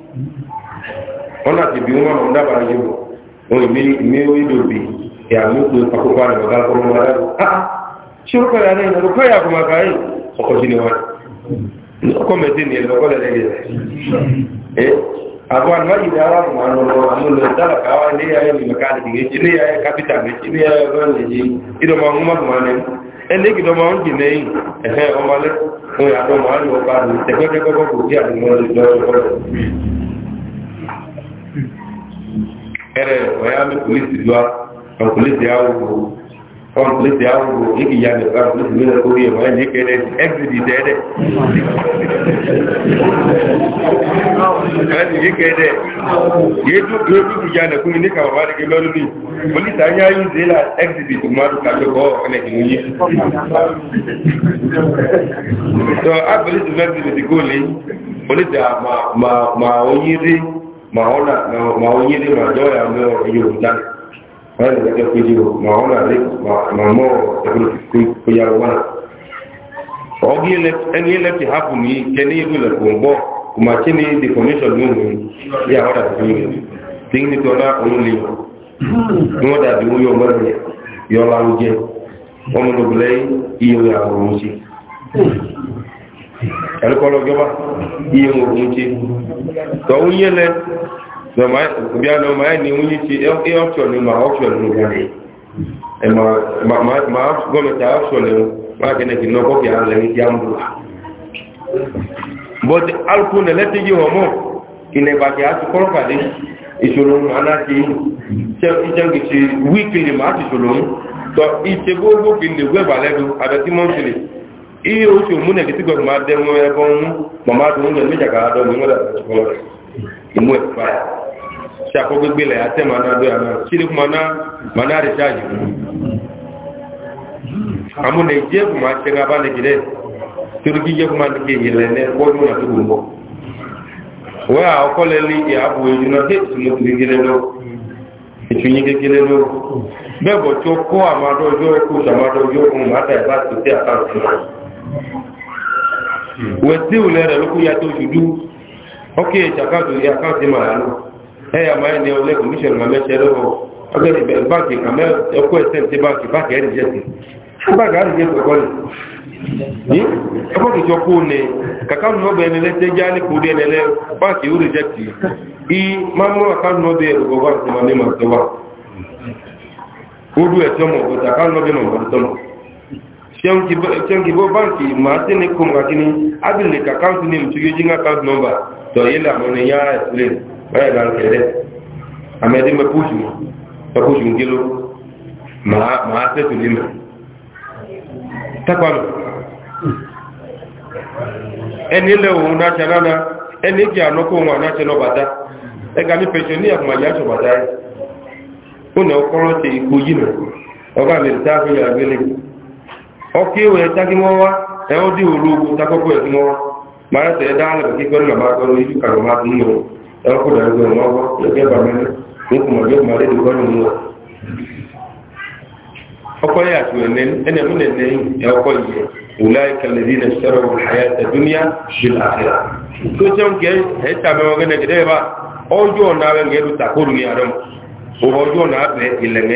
wọ́n náà ti bí wọn máa ń dábàá yìí wọ wọn èmi èmi ó yí dòbí ẹ àmì pé àkókò àrẹ ọgá kọrọ wọn lára ah ṣé ó kọyà náà ìnáwó kọyà kò máa káyè ọkọ sí ni wọn ọkọ mẹtẹ ni ẹlẹkọ lẹlẹ yẹ ẹ àwọn àgbáyé ni ara mọ àwọn káwá ilé ayé ilé ayé kápítà ilé ɛrɛ o y'a mɛ polisi do a ɔ polisi y'a wo ɔ y'a wo e de ɔ polisi mi na ko ye wa ne kɛ dɛ ɛgidi tɛ dɛ ɛdi yi kɛ dɛ ye du ye du k'i yan de ko ne ka wa de kɛ lɔri mi polisi an y'a yi de la ɛgidi tuma do ka bɛ bɔ ɛnɛ k'i ye tɔ a polisi fɛn ti ko le polisi a ma ma ma o yiri. maona maonyele madoya ambayo ọrụ wale katika kujibu maona mamo kuyaona ogile engile ti hapo ni keni vile kumbo kumachini deformation mungu ya hata vizuri tingi tona only moda bi huyo mbele yola uje omo dobulei iyo ya ruji ẹ̀lùkọ́lọ́ gẹ́bà iye òun ti tọ́ ó lẹ bí a lọ máa ní oúnjẹ ti ẹ ọ́ṣọ́ ni máa ọ́ṣọ́ ni wọ́n but alùpù nẹ̀ lẹ́tẹ̀jì wọ́n mọ̀ ìnẹ̀ bàtẹ̀ àti kọ́rọ̀kàdé ìṣòro máa náà ti ìṣẹ́gbẹ̀ṣẹ̀ wíkìlì máa ti ṣòro tọ́ ìṣẹ́gbógbó kìlì wẹ́bà lẹ́dù àbẹ̀tí iye oṣù mú nẹ̀ títí gbọ́gbọ́n máa dẹ́wọ́n ẹbọ́ ń mọ̀má dùn ún lẹ́nu ìjàkà àádọ́ mi wọ́n ìmú ẹ̀fà ṣàkó gbégbé lẹ̀ àtẹ́ màá náà dóyà náà ṣílẹ̀ kú màá náà rẹ̀ ṣáàjì mú. àmú nẹ̀ jẹ́ kù máa ṣẹ́ra bá nìkì dẹ́ torí kí jẹ́ kù máa nìkì èyí lẹ̀ ní ẹ̀kọ́ yóò nàtó gbogbo. wọ́n yà ọkọ lẹ ní ìyàbò èyí náà dé ìtumọ̀ kékeré lọ ìtúnyín bọ̀ tí ó wẹ̀sí ìwòlẹ̀ rẹ̀ ya kú yàtọ̀ òṣùdú ọkẹ́ ìṣàkáàtò ìyàkáàtì màálù ẹ̀yà máa ní báńkì ti báńkì báńkì ẹ̀rì jẹ́ báńkì ẹ̀rì jẹ́ pẹ̀kọ́ ni ọkọ̀ kìjọ kú ni kàkà nù ọbẹ̀ ẹni lẹ́sẹ̀ já ní kò dé ẹni lẹ́ báńkì ó rìjẹ́tì i máa mú àkà nù ọbẹ̀ ẹ̀rọ bá ó dú kyankibo banki ma se ni kum ka kini abin ne ka account name nka jin account number to yi la mone ya explain ya ga kede amedi me push mu ta push ma ma se tu lima ta o na chana na eni ki anoko wa na chana bata e ga mi pensioni ak ma ya so bata e ko na ko ro ko yina o ta fi ya ọkị wee tagị mọwa ẹọdị olugbo takọkọ ẹdị mọwa mara tẹ ẹdá alẹ kí gbẹrù nàbà gbẹrù ìlú kàrọ má tún lọ ọkụ dàrú gbẹrù mọwọ ẹgbẹ bà mẹlẹ nkùmọ gị kùmọ lẹdí gbẹrù mọwọ. ọkọ yẹ e e, e ụwa ya ẹnẹ mú nẹnẹ yìí ẹọkọ yìí wùlá ìkàlẹ bí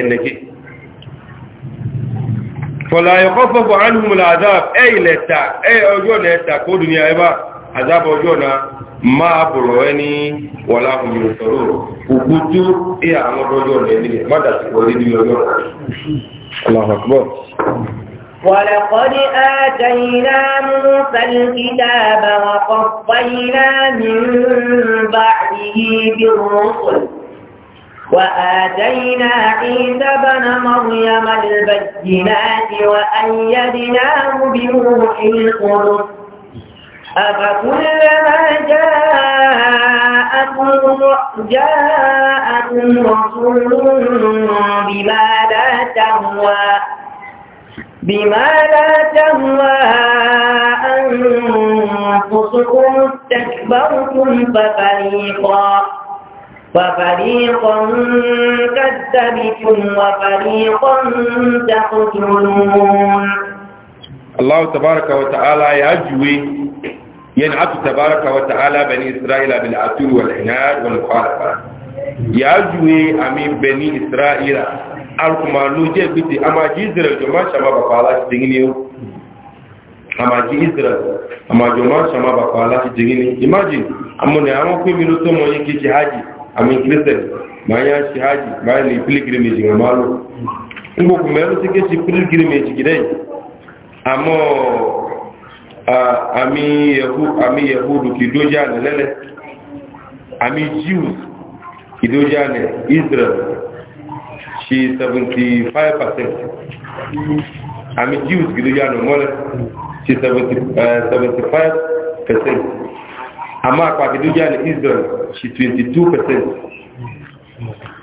nàìjíríà na فلا يخفف عنهم العذاب اي لتا اي اوجو لتا كو دنيا ايبا عذاب اوجونا ما بلوني ولا هم ينصرون وجوتو اي امر اوجو لني ما دا تقولي دي الله اكبر ولقد آتينا موسى الكتاب وقفينا من بعده بالرسل وآتينا عيسى بن مريم البينات وأيدناه بروح القدس أفكلما جاءكم جاءكم رسول بما لا تهوى بما لا تهوى أنفسكم استكبرتم ففريقا وفريقا كذبتم وفريقا تقتلون الله تبارك وتعالى يجوي ينعت تبارك وتعالى بني إسرائيل بالعتو والعناد والمخالفة يجوي أمين بني إسرائيل alkuma lójẹ́ gbìtì a máa jí israel jọ máa ṣàmà bàbá aláti dìgí ní o a máa israel a máa jọ máa ṣàmà bàbá imagine amúnẹ̀ àwọn pínlẹ̀ tó mọ̀ yí kí hajji Ah, àmì kírísẹ̀ máa yá ṣe hajji máa ní pilgrimage rẹ̀ máa lò ń gbogbo mẹ́rin tí kéṣe a gidẹ́ àmọ́ àmì yahudu kì dójá nà lele, àmì jews kì dójá nà israel ṣe 75% àmì jews kì dójá nà mole, ṣe 75% eh, ama kwa kiduja ni israel shi 22%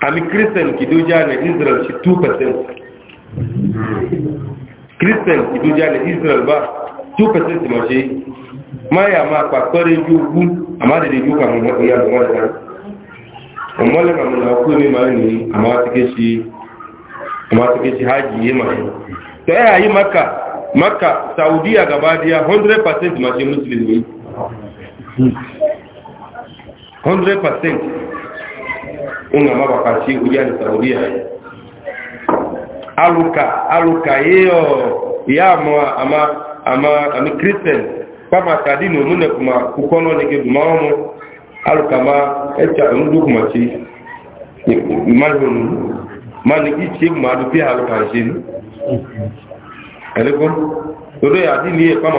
ami christian kiduja ni israel shi 2% christian kiduja ni israel ba 2% ma ṣe maya ma kwa kọrin ju ugwu amadi de ju kan ya mọ ya ọmọlẹ kan na ọkọ mi máa ní àmàtìkẹ́ sí hajji yé ma ṣe tẹ́ ẹ̀yà yí maka maka saudiya gabadiya 100% ma ṣe muslim yìí 100% unga maba kasi ujani saudia aluka aluka hiyo yamo ama ama ami christian kama kadini mune kuma kukono nige dumaomo aluka ma echa ndu kuma chi malhun mani ma du aluka eleko ya dini kama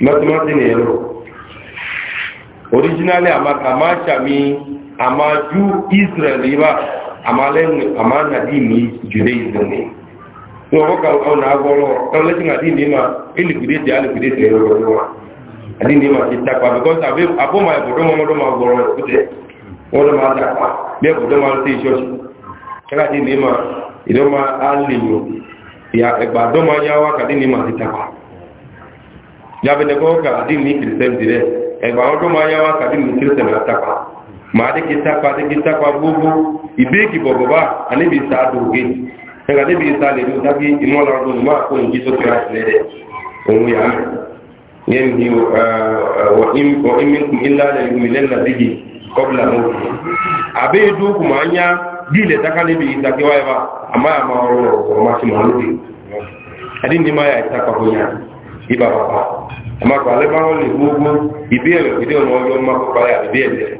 mẹtumẹti ni yẹlò originally ama ama sami ama ju israel yi ba ama lẹ ama nadi mi judaism ni ní ọkọ kan ọ na agbọrọ ẹwọn lẹsìn adi ni ma elikide ti alikide ti ẹrọ ọdún wa adi ni ma ti takpa because a abo ma ẹbùdó ma ọdún ma gbọrọ ẹkútẹ wọn lọ ma takpa bí ẹbùdó ma ti ṣọọṣì ẹka di ni ma ìdọ́ ma alè yọ ìyá ẹgbàá dọ́ ma yá wa kàdé ni ma ti takpa yabene ko ka di mi kirisem dire e ba odo ma yawa ka di mi kirisem ataka ma de kita pa de kita pa bubu ibe ki bobo ba ani bi sa do ge e bi sa le do taki imo la do ma ko ni so kira le de o mu ya yen ni uh, uh, wa im wa im minkum illa la yu'minanna bihi qabla mawt abe du kuma anya di le taka ni bi taki wa ba ama ma ro ma si ma lo di adin ni ma ya ta ka ko nya ìbá pàpà àmàkà alẹ́bá wọn lè gbogbo ìbí ẹ̀rẹ̀ ìdí ọ̀nà ọyọ́ ọmọ pàpà yà ìbí ẹ̀rẹ̀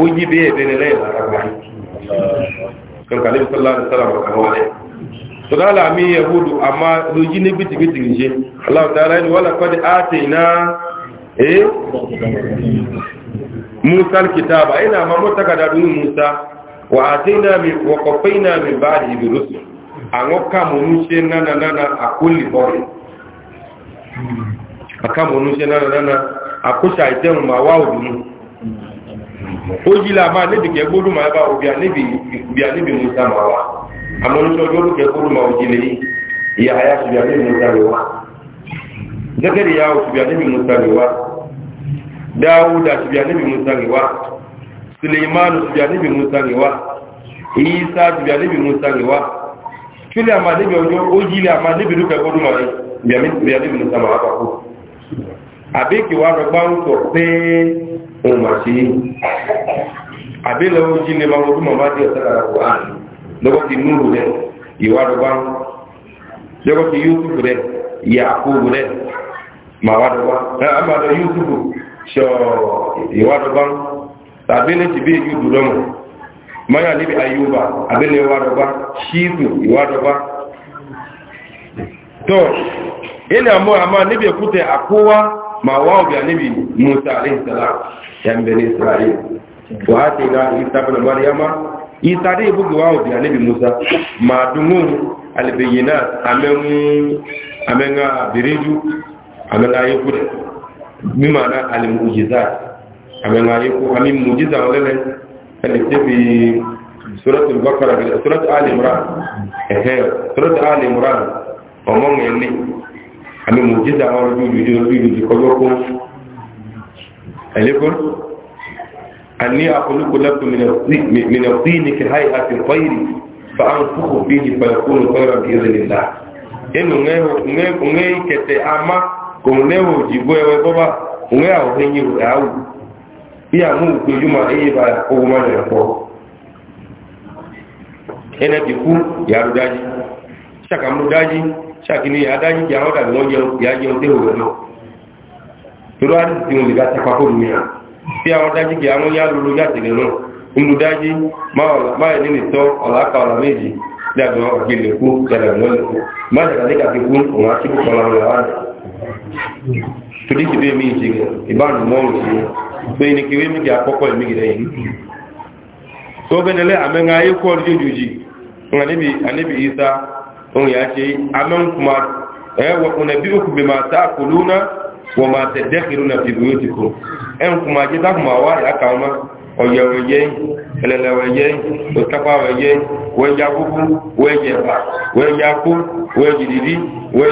ó yí bí ẹ̀rẹ̀ ní lẹ́yìn lára kankan ní sọlá ní sọlá mọ̀ká wọlé tọ́lá làmì ẹ̀húdù àmà lójí ní gbìtìgbìtì nìṣe aláwọ̀dára ẹni wọ́n làkọ́dé áàtì iná ee musa kìtàbà ina àmà mọ́ta kàdàdùn musa wà àti iná mi wọ̀kọ̀fẹ́ iná mi bá àdìyẹ àwọn kàmù ní ṣe nánà nánà àkólì ọ̀rẹ́ àkàmọ̀nú ṣe náà náà àkóṣà ìtẹ́hùn máa wá òdùnú ó yí la máa níbi kẹgbódù máa bá òbí àníbi musa máa wá àmọ́núṣọ́ ọjọ́ olùkẹgbódù máa òjì lè ìyá àyà ṣùgbọ́n àníbi musa lè wá gẹ́gẹ́ ìyá ṣùgbọ́n àníbi musa lè wá dáwúdà ṣùgbọ́n àníbi musa lè wá suleimanu ṣùgbọ́n àníbi musa lè wá ìyíṣà ṣùgbọ́n àníbi musa lè wá kílẹ̀ àmà níbi ọjọ́ ó yí la máa níbi dúkẹgbódù máa yìí bíàbí mi sàmà àpapọ̀ àbí kí wàá rọgbà ń sọ pé òun mà sí àbí lọ́wọ́ jí lè máa wọ́n fún màmá díẹ̀ sára àpò àná lọ́wọ́ ti núrù rẹ̀ ìwà rọgbà ń lọ́wọ́ ti yúùtùbù rẹ̀ yàkóbù rẹ̀ màwá rọgbà ẹ̀ àmàlọ́ yúùtùbù sọ ìwà rọgbà ń tàbí ní ti bí èyí dùdọ́mọ̀ mọ́yà níbi ayé wà àbí lè wà rọgbà ṣíìtù ìwà rọgbà to ina mu amma nabi kute a kowa ma wa ga nabi Musa alaihi salam yan bani Isra'il wa atina Isa ibn Maryama Isa dai bugu wa ga nabi Musa ma dungun albayyinat amen amen ah, ga mima na almu'jizat amen ga yuku amin mu'jiza walale kalifti سورة البقرة سورة آل عمران سورة آل عمران ọmọ yẹn ní àmì mòjísà wọn lójú ìlú lójú ìlú kọjọ kó ẹlẹkọ àní àkọlùkọ lẹkọọ mìnàfí ní kìláì àti fáìrì fa àwọn fúkú bí i fàyàkùn fẹ́ràn bí i nìlá inú ńlẹ́ kẹtẹ àmà kò ńlẹ́ òjìgbó ẹwẹ́ bọ́bá ńlẹ́ àwọn ẹ̀yìn rẹ̀ áwù bí àwọn òpéjúmọ̀ ẹ̀yìn bá owó má lẹ̀ pọ̀ ẹnẹ́ ti kú yàrá dájí ṣàkàmú dájí ṣàkíní adájú ìjà wọn dàbí wọn jẹun ìyá jẹun tẹ òwe lọ tóró àdìsí wọn lè ga tẹpa kó mi hàn bí àwọn dájú ìjà wọn yá lolo yá tẹlẹ náà nínú dájú máa ní nìtọ ọlàkà ọlà méjì dàbí wọn kàkí lè kú dàbí wọn lè kú má dàgbà ní kàkí kú òun á kíkú kọlà wọn làwọn torí kìdé mi ìjì ìbánu mọ́rùn sí pé ní kìwé méjì àkọ́kọ́ ìmìgìdẹ̀ yìí tó bẹ́nẹ̀lẹ́ àmẹ́ngá ayé kọ́ ọdún jòjì àníbi ìsá ohun ya ce amen kuma wa kuna bi uku bima ta kuluna wa ma ta dakhiru na fi en kuma ji ta kuma wa ya ka ma oye oye lele oye otakwa oye we ya ya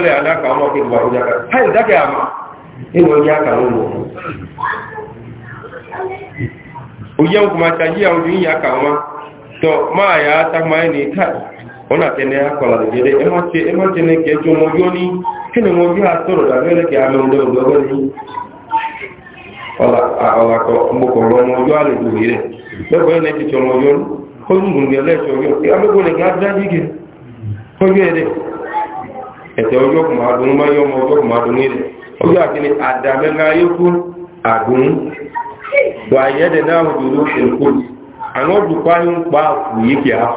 ya ala ka ma ki ba ya ka hai da ya ka oye ya ya ka ma ona tene akola gede emache emache ne ke kene atoro da ke ame ndo ndo ni ola ola ko mboko lo moyo ale duire be ko ne ke jo ka ko ngun nge le jo yo ke ame ko ne ga dige ko gede e te oyo ko ma dun ma yo ko ma dun ni akini adame na yoku agun wa yede na kwa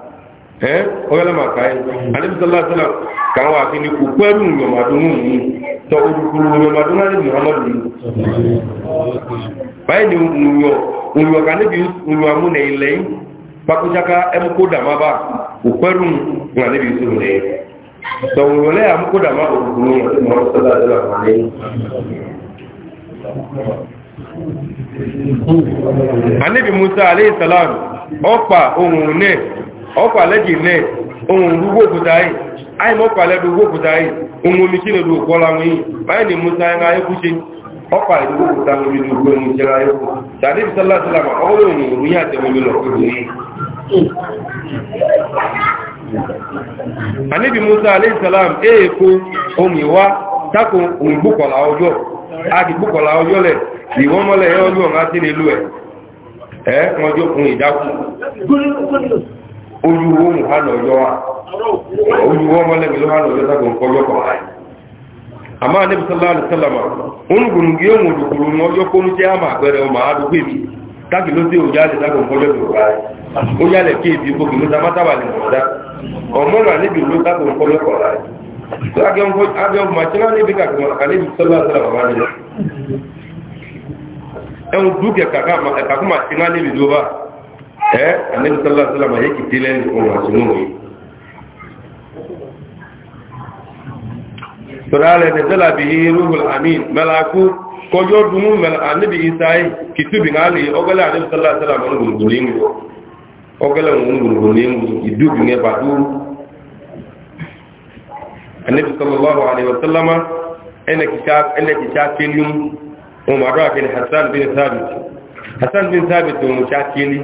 ẹ́ ọ̀yọ́lá máa káyé alẹ́bíṣọ́lá káwọn àfihàn ikú pẹ́rù yọ̀màdúnú yìí tọ orúkúrú yọ̀màdúnú alẹ́ muhammadu yìí báyìí ni òyọ̀ òyọ̀ kaníbi òyọ̀ amúnẹ̀ ilẹ̀ yìí pakúṣaká ẹmukó dama òpẹ́rù ìrànlẹ́bí ìṣòro rẹ̀ ma Ale musa ohun ọkwàlẹ́ jì nẹ́ ohun rúgbò òkúta yìí àì mọ́kwàlẹ́ rúgbò òkúta yìí ohun omi kílẹ̀ rú òkú ọláwọ̀ yìí báyìí ni musa ẹ̀rọ ayékúṣe ọkwàlẹ́ rúgbò òkúta omi rúgbò ìwọ́n mọ́lẹ̀ ọjọ́ ẹ̀ ọjọ́ ojúwó mú ha ọjọ́ wa ojúwó mọ́lẹ́bí ló hánà ọjọ́ sákò nǹkan ọjọ́ kan láì àmá níbi sọ́láàlì sọ́láàmà onígbònúgbé ohun òdòkòrò ní ọjọ́ kó ń jẹ́ àmà àpẹẹrẹ ọmọ àádọ́gbé mi táàkì ló sí òjáde sákò nǹkan ọjọ́ kan láì ó kí ọmọ níbi ló nǹkan ọjọ́ ẹ anabi sallallahu alaihi wa sallam ayé kìtì lẹ́nu ọ̀rọ̀ àtúnú yìí. sọ̀rọ̀lẹ̀ nìtẹ́lá bí i rúhùl àmì mẹ́lákú kọjọ́ dúnmú àníbi ìsáyé kìtùbì náà lè ọgọ́lẹ̀ àníbi sallallahu alaihi wa sallam gbùngbùn ní ń wọ ọgọ́lẹ̀ òun gbùngbùn ní ń wọ ìdúbì ní bàdú àníbi sallallahu alaihi wa sallam ẹnẹkìṣà kéliú ọmọ àdúrà kẹni hassan bin thabit hassan bin thabit òun ṣá kéliú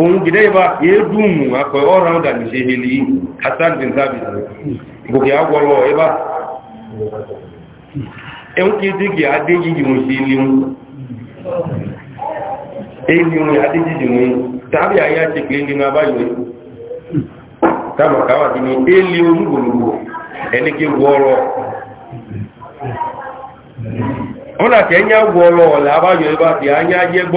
òun gidẹ́ bá yé dùnmù àpẹ ọ́rọ̀dà ní ṣe hìlì hassan bin zabit gòkè agbọ́lọ̀ ẹbá ẹun kí tí adéjìjì mú sí ilé wọn èyí wọn adéjìjì mú tàbí àyà ṣe kìí ní àti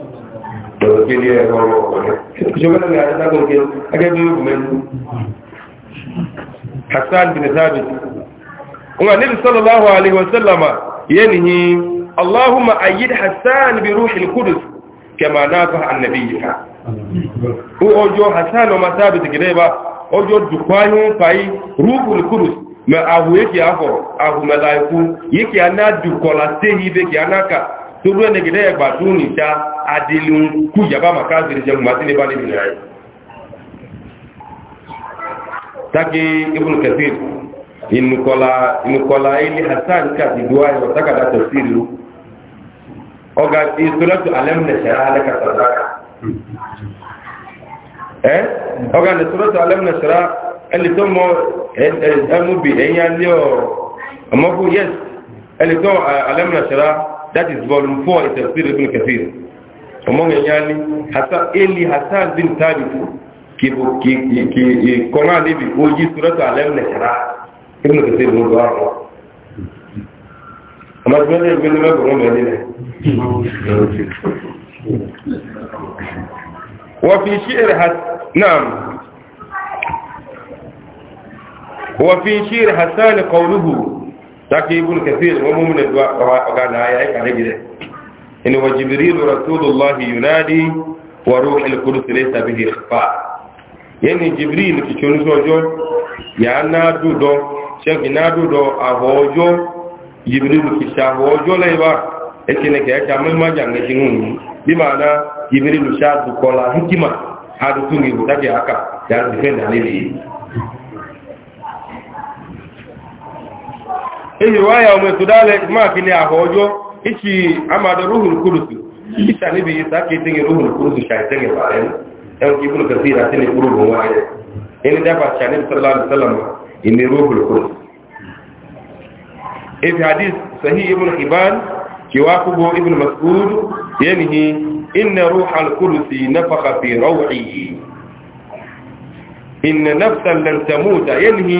lọ́dọ̀ pé ní ẹ̀rọ ọkùnrin ìṣòwò náà ní àdájọ́ òkè ẹgẹ́ bí yóò mẹ́nu hassan bin sabit wọn níbi sallallahu alaihi wasallama yé nìyí allahumma ayyid hassan bi ruhil kudus kẹma náà fa annabi yìí ha ojo hassan ọmọ sabit gidẹ ba ojo dukwanyun fayi ruhul kudus mẹ ahu yake afọ ahu mẹlaiku yake ana dukola sehi bẹ ke toru ẹni gẹ̀dẹ́ ẹgbà tó ní ta adìlún kú ìjàbá makáàzìrì jẹun bá sílé bá níbi rẹ̀ tàkí ibùn kẹsìr inukọla ilé hassan kàti duwa ẹwọ takàdá tẹ̀sílù ọgá ti sọ́lọ́tù alẹ́mùnẹ̀ ṣẹ̀rá alẹ́kàtàrà ẹ́ ọgá ni sọ́lọ́tù alẹ́mùnẹ̀ ṣẹ̀rá ẹni tó mọ ẹmú bi ẹ̀yà lé ọ̀ ọmọkú yẹ́s ẹni tó alẹ́mùnẹ̀ ṣẹ̀rá that is volume four in tafsir ibn kathir among yani hasa eli hasan bin thabit ki ki ki kona ni bi ko ji surat alam ne kara ibn kathir mo do aro amma dole ne bin ma ko ne ne wa fi shi'r has na'am وفي شير حسان قوله taki ibn kathir wa mu'min adwa wa gana ya ka ne gide in wa jibril rasulullah yunadi wa ruh al-qudus laysa bihi ikhfa yani jibril ki chonu sojo ya na dudo sheki na dudo ahojo jibril ki sha hojo laiba ekene ke ta mun ma jange tinun bi mana jibril sha dukola hikima hadu tungi butaki aka ya defend alibi eyi waya ọmọ ètò dálẹ̀ máàkì ní àhọ ọjọ́ ìṣì àmàdà róhùn kúrùsù ìṣà níbi yìí sáàkì ìtẹ́gẹ̀ róhùn kúrùsù ṣàìtẹ́gẹ̀ bàrẹ̀ ẹ̀rùn kí ibùdó kẹsí ìrántí ní kúrò wọn wáyé ẹni dábà ṣàníbi sọlọ́lá sọlọ́mà ìní róhùn kúrùsù. efi hadith sahi ibn hibban ki wa kubo ibn mas'ud yanihi inna ruha al-kursi nafaqa fi raw'ihi inna nafsan lan tamuta yanhi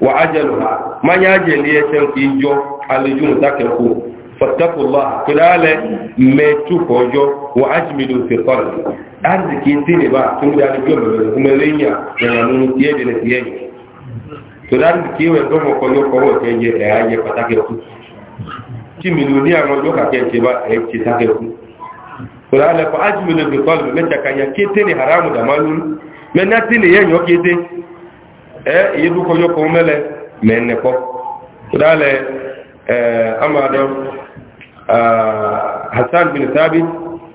wa ajaluha man ya jeli ya can ki jo alijun take ku fattakullah kulale me tu ko jo wa ajmidu fi qalbi arziki tini ba tun da ni jomo kuma lenya da na mun tiye da ne tiye to dan ki we do mo ko yo ko wo te je e aje patake ku ti miloni awon jo ka ke ti ba e ti take ku kulale fa ajmidu fi qalbi me ta kan ya ke tini haramu da malun me na tini yen yo ke tini e yi duko yoko umele me ne ko dale eh, eh amado eh, hasan bin thabit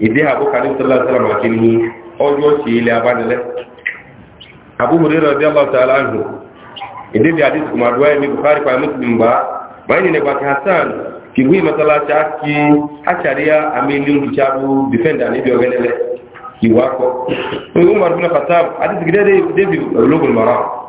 idi abu karim sallallahu alaihi wasallam akini ojo si ile abadele abu hurairah radiyallahu ta'ala anhu idi bi hadith kuma duwa ni bukhari pa muslim ba bayni ne ba hasan kigwi masala chaki acharia amini nduchabu defender ni bi ogenele kiwako umar bin khattab hadith gidede debi lugul maram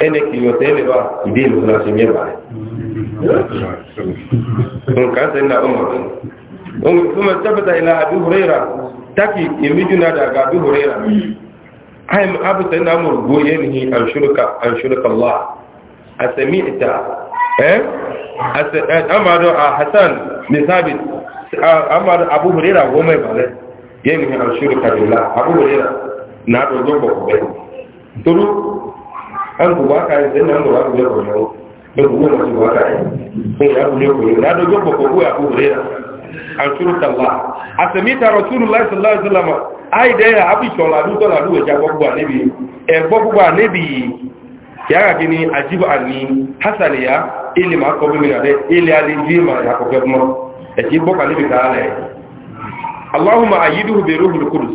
ene kiyota ele ba ide muna se nyeba mun kan sai na umar umar kuma tabbata ila abu huraira taki yamijuna daga abu huraira ai abu sai na umar goye ni an shurka an shurka allah asami'ta eh? eh amadu a ah, hasan bin sabit ah, amadu abu huraira goma ba ne yemi an shurka billah abu huraira na dogo ko be turu an ko ka yi sai nan ko ba ku ne ko ne ko ko ma ka yi sai ya ku na do jobbo ko ya ku re an shuru talla rasulullahi sallallahu alaihi wasallam ai ya abi du ba ne bi e ku ya ga ajibu anni hasali ya ili ma ko bi na de ya ko e ka ne bi allahumma bi ruhil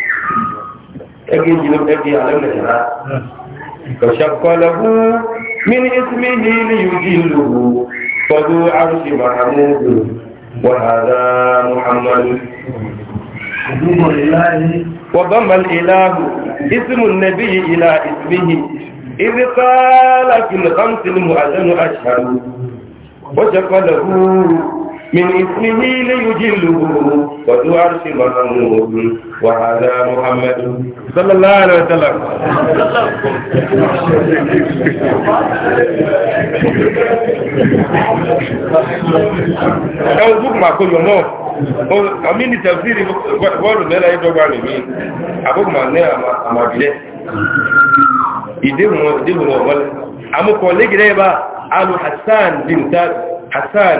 ẹgbẹ́ ìjìnlẹ̀ ẹgbẹ́ alẹ́lẹ̀ ìrà kọ̀ṣàkọ́lẹ̀kú mini ismi ní ilé yìí lò pẹ̀lú arúṣì mahamudu wàhálà muhammadu وضم الإله اسم النبي إلى اسمه إذ قال في الخمس المؤذن من اسمه ليجله وذو عرش محمود وهذا محمد صلى الله عليه وسلم ẹ ojú kùmà kó yọ mọ́ ní tẹ̀síìrì bọ́ọ̀lù mẹ́lá ìjọba rẹ̀ mi àbúkùmà ní àmàbílẹ̀ ìdíhùn ọ̀gbọ́lẹ̀ amúkọ̀ lẹ́gẹ̀rẹ́ bá alu hassan bin hassan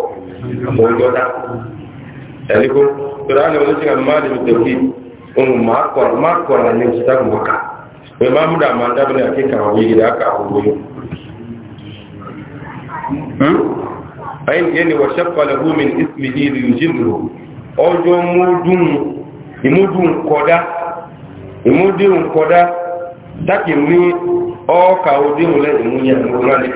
mọ́jọ́dá ẹ̀ríkó tọ́rọ àwọn ọmọdé ṣíkà máa lèmi tẹ̀kí ohun máa kọ̀rọ̀ ní ìṣẹ́kùn wọ́ká pẹ̀ máa múdà máa dábìlẹ̀ àkíkà àwọn ìgbìdá aka àwọn olóyún ayin yẹni wà ṣẹ́pàlẹ̀ gómìn ismìlì ìlú jìnnà ọjọ́ ìmúdùn kọ́dá ìmúdùn kọ́dá dákì ní ọkà òdíhùn lẹ́yìn múyẹ̀ múrálẹ̀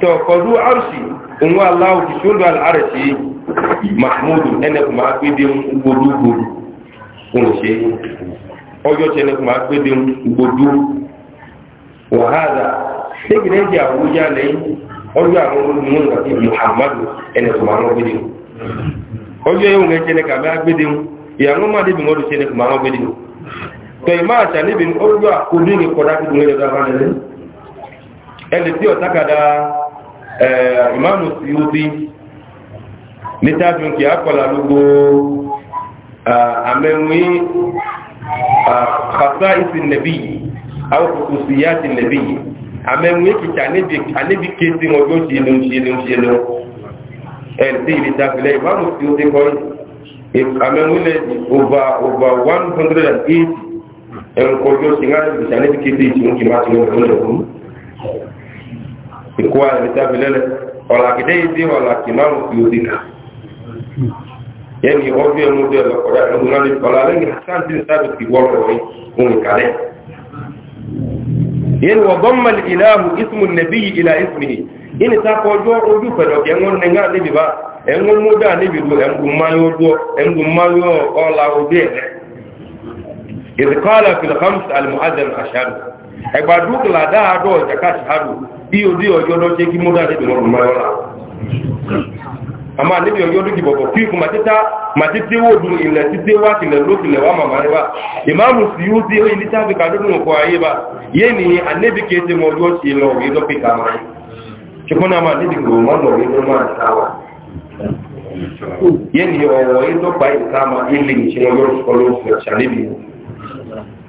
tọ̀kọ̀dú arṣì òun aláwọ̀ ti ṣóòlù al'arṣì mahmudu ẹnẹkù gbédé gbogbogbò òun ṣe ọjọ́ tí ẹnẹkù gbédé gbogbo wàhálà tẹ́gì náà jẹ́ àwújá lẹ́yìn ọjọ́ àwọn olùmọ̀ àti muhammadu ẹnẹkù máa wọ́n gbédé ọjọ́ ẹ̀hùn gbédé ìyàwó máa débi gbédé níbi àkójú Eh, imamu siyuti nítàbí kí a kọ̀lá lógó eh, àmẹ́wé eh, kàtà ìsìn nẹ̀bí àwọ̀kùnkù sí ti nẹ̀bí àmẹ́wé kìkà níbi kéèsì wọn yóò ṣe imamu siyuti kọ́ àmẹ́wé lẹ́ over one hundred and eight ẹ̀rùn kọjọ́ sí ìkó àyè níta fi lẹ́lẹ̀ ọ̀làkìdé yìí dé ọ̀làkì máa ń fi òde kà yẹn ni ọdún ẹnu bẹ ọ̀dà ẹnu náà lè ọ̀là lẹ́yìn sáǹtì sábẹ̀ ti wọ́ ọ̀rọ̀ yìí òun ìkàlẹ̀ yẹn ni wọ́n bọ́n mọ̀lì ìlàhùn ismu nẹ̀bí yìí ìlà ismu yìí yẹn ni sáfọ́ ọjọ́ ojú pẹ̀lú ẹ̀wọ̀n nẹ̀ngá níbi bá ẹ̀wọ̀n mú dáa níbi lu ẹ̀ǹgùn mayọ́ ọ̀la òde ẹ̀rẹ́ ìdíkọ́ bí ojú ọjọ́ lọ jẹ́ kí mọ́dá níbi mọ́rùn mọ́rọ́lá àmà níbi ọjọ́ lókè bọ̀bọ̀ kí ikú màtítí wò dùn ilẹ̀ títí wá kìlẹ̀ lókìlẹ̀ wá màmá rẹ̀ wá ìmáàmù sí ó sí ní sáàbì kàdúrùn ọkọ̀ ayé bá yé ni ànẹ́bì kéèké mọ́ ọjọ́ sí lọ òwe lọ́pẹ̀ kàmá ṣùgbọ́n àmà níbi gbòòrò mọ́ lọ́wọ́ ló máa ń sáwà yé ni ọ̀wọ́ yé tó pa ìsáàmà ilé ìṣẹ́ ọlọ́sọ̀ọ́lọ́sọ̀ ṣàlébì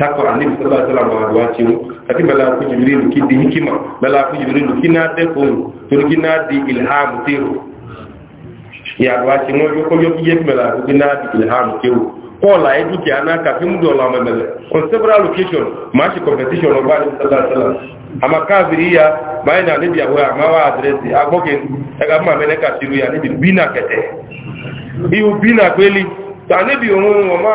tako anibi sallallahu alaihi wasallam waati mu ati mala ko jibril ki di hikima mala ko jibril ki na de ko to ki na di ilham tiru. ya waati mo yo ko yo ki yek mala ko na di ilham tiru. ko la e duki ana ka fi mu do la mele on several occasion match competition of bani sallallahu alaihi wasallam ama kafiri ya baina ni biya wa ma wa address agoke daga ma mele ka tiru ya ni bina kete bi bina kweli ta ne bi ohun o ma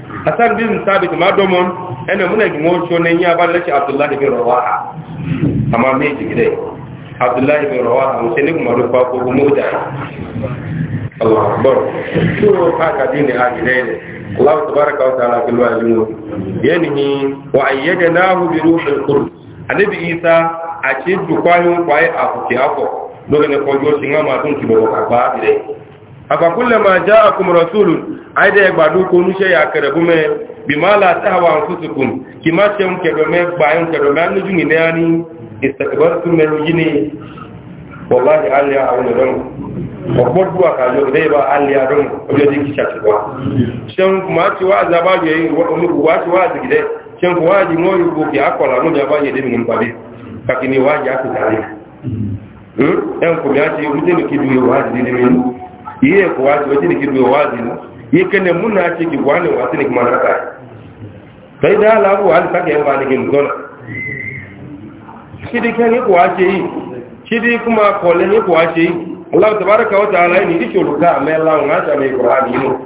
hasan bin sabit ma domon ene muna gi mo cho ne nya ba lati abdullah bin rawaha amma me ji gide abdullah bin rawaha mo se ne kuma ro ba ko mo da allah akbar to ka ka din ne aji ne allah tabaraka wa taala bil wajin yani ni wa ayyadnahu bi ruhil qudus anabi isa a ce dukwayo kwaye a fuke ako dole ne ko yo singa ma dun ki bo ka ba dire afakulle ma ja akum rasulun aida ya gbadu ko nushe ya karabu me bi ma la tahwa anfusukum ki ma ce unke do me ba unke do me anu jungi ne ani istakbartu me yini ya awun don ko bodu aka yo dai ba alli ya don ko kwa shen za ba ye wa wa ci wa dikide shen ko waji mo akola mu ja ba ye de min ba be kakini waji aku tare hmm en iye ko wazi wajini kidu wazi ye kene muna achi ki wane wazi ni kumana kai sai da la ko hal take yan bani kin gona shidi kan ko achi yi shidi kuma kole ne ko achi yi Allah tabaraka wa ta'ala ni isho luka amela ngata me Qur'an yimo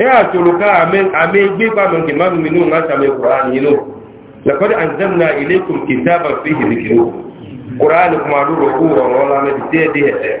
e acho luka amen ame gbe pa mo ke mamu minu ngata me Qur'an yimo laqad anzalna ilaykum kitaban fihi dhikrukum Qur'an kuma ru ru ro la me de de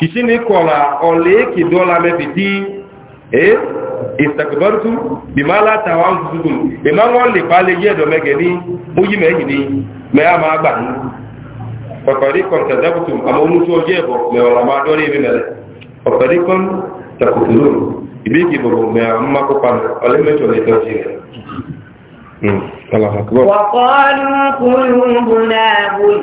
kìsíní kọ̀ọ̀lá ọ̀lẹ́ kì dọ́là mẹ́fì tí eh ìsàkùbọ́rùtù bí máa látàwà ń tuntun bí máa wọ́n lè pàálẹ̀ yí ẹ̀dọ̀ mẹ́gẹ̀ ní múyí mẹ́yìn ní mẹ́a máa gbà ní ọ̀pẹ̀rí kan àmọ́ oúnjẹ ọjọ́ ẹ̀bọ̀ mẹ́wàá وقالوا قلوبنا غلف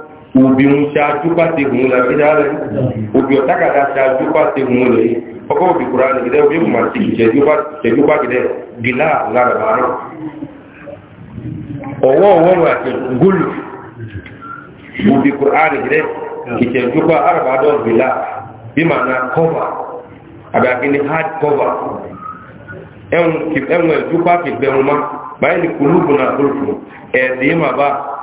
obi ń ṣáájú pàtẹ ìhun lẹ obi ọ̀tàkàdá ṣáájú pàtẹ ìhun lẹ ọkọ̀ òbí kura lè gidẹ obi ìhun àti ìṣẹ́jú bá gidẹ gilá lárabà ọwọ́ ọwọ́ rẹ̀ àti gólù obi bí na kọ́và àbí akíní hard kọ́và ẹ̀wọ̀n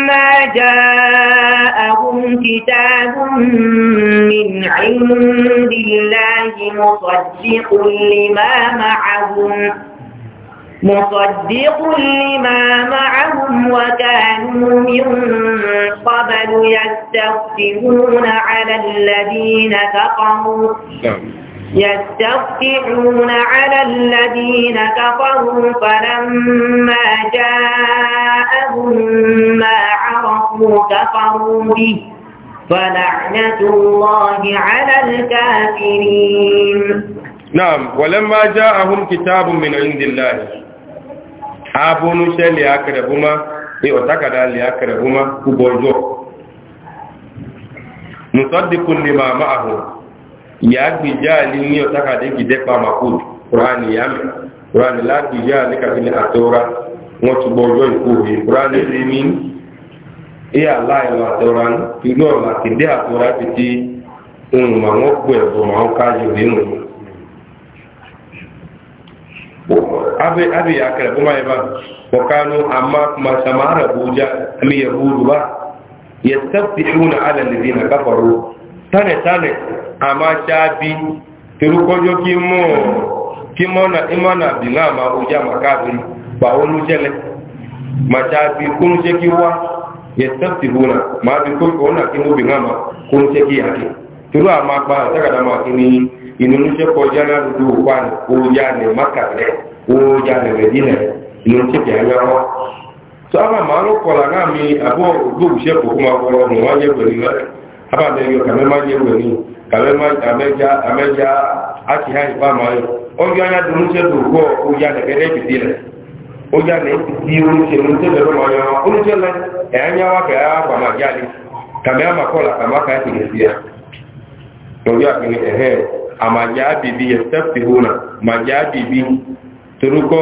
فلما جاءهم كتاب من عند الله مصدق لما معهم مصدق لما معهم وكانوا من قبل يستفتحون على الذين كفروا نعم. يستفتحون على الذين كفروا فلما جاءهم ما عرفوا كفروا به فلعنة الله على الكافرين نعم ولما جاءهم كتاب من عند الله abunu se يأكربهما akrebuma e otakada كبوجو مصدق لما musaddiqun yàgbìjà lè ní ọ̀tàkàdé kìdẹ́pà mahud kúránì yàmì kúránì lágbìjà ní kàkiri àtọ́ra wọ́n ti gbọ́ ọjọ́ ìkó rẹ̀ kúránì lè ní ẹ aláìlọ àtọ́ra inú ọ̀la kìdẹ́ àtọ́ra ti di ohun màwọn gbọ́ ẹ̀bùn màwọn káyọ̀ nínú. abe abe ya kẹrẹ fún báyìí bá wọ́kánú àmà kùmà sàmárà bùjá amáṣáábí torúkọjọ́ kí mọ́ kí mọ́nà bìlá àmà ojú àmàkáàbí pa olóṣẹ́lẹ̀ màṣáábí kúrúṣẹ́ kí wá yẹ̀sẹ́pìtìbùnà máa bí kọ́nà kí mú bìlá àmà kúrúṣẹ́ kí yàkí torú àmà pa àtàkàdà máa kí ni ìnúṣẹ́ kọjá lárúdú wà ní oójá ní mákàlẹ̀ oójá ní rẹ̀dínà ìnúṣẹ́ kì sọ́ọ́mà máa ló kọ̀ọ̀lá náà mi àbọ̀ ògbóhùṣẹ́ kò fún wa wọ́n ọ̀nà wáyé wẹ̀ ní rẹ̀ abàmẹ́yọ̀ kàmẹ́ máa yẹ wẹ̀ amẹ́já àti ha ìfà máa yọ ọjọ́ ayá dùn ṣe dùn gbọ́ ojú àtẹ̀kẹ́dẹ́ ìpìtì rẹ̀ ojú àtẹ̀kẹ́dẹ́ ìpìtì oníṣẹ́ lọ́rọ̀ máa yọ oníṣẹ́ lẹ́ ẹ̀yà wá kẹ́ àpà máa jáde kàmẹ́ àmà kọ́là kàmá ká ìpìlẹ̀ sí ya ojú àpìlẹ̀ ẹ̀hẹ́ àmàjá bìbí yẹ sẹ́fì hùnà màjá bìbí torúkọ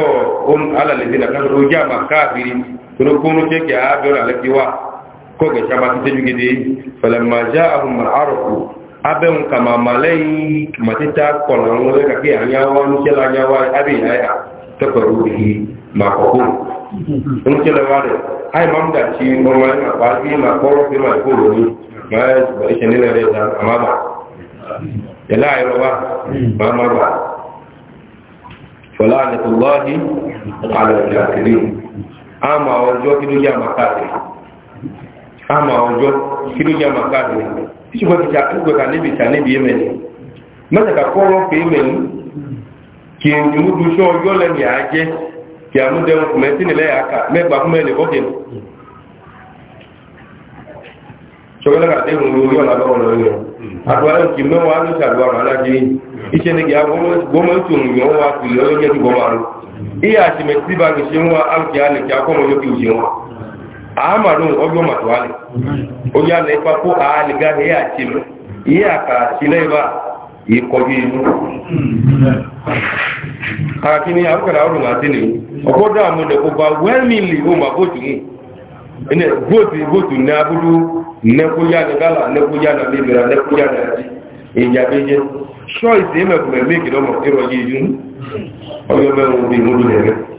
alàlẹ́dẹ́ nàkàtà ojú àmà káàfìrí torúkọ oníṣẹ́ kẹ́ àbẹ̀rẹ̀ àlẹ́ ti wá kọ́ gẹ̀ṣà máa ti tẹ́jú gidi abẹ́hùn kàmà mà lẹ́yìn kàmà títà kọ̀nà wọn lẹ́ka kí àyáwá níṣẹ́lá àyáwá abẹ́yà yà tẹ́kọ̀rọ̀ òkè mà kọ̀kọ́ níṣẹ́lá wa rẹ̀ àyè máa ń dà sí ọmọ ẹ̀ mà pàá sí mà kọ́rọ́ sí mà ìṣùgbọ́ ti jà púpọ̀ kà níbi ìṣà níbi emeni mẹ́tàkà aka, pé emeni kí ìmúdu ṣọ́ yọ́ lẹ́nu àjẹ́ kí àmúdẹ̀rún kùmẹ́sìn ilẹ̀ àkà mẹ́gbà fún mẹ́lẹ̀ kì mẹ́wàá ló ṣàdúrà rẹ̀ alájẹ́ yìí iṣẹ́ ni ìyá gbọ́mọ̀tò ìyọ̀ wa ti amadun ọjọ́ màtíwálì ojú a ipa kó àálìgá ẹ̀ àti mú iye àkà sílẹ̀ ìbá ìkọjú inú kàkí ni àwọ́kàrà ọdún àti nì ọgbọ́dọ̀ àmúdẹ̀ kó bá wẹ́mìlì ohun àbójú mú ẹni n'ekwu gbóòtù ní abúrú n'ekwu ìjú ọyọ́mẹ́rún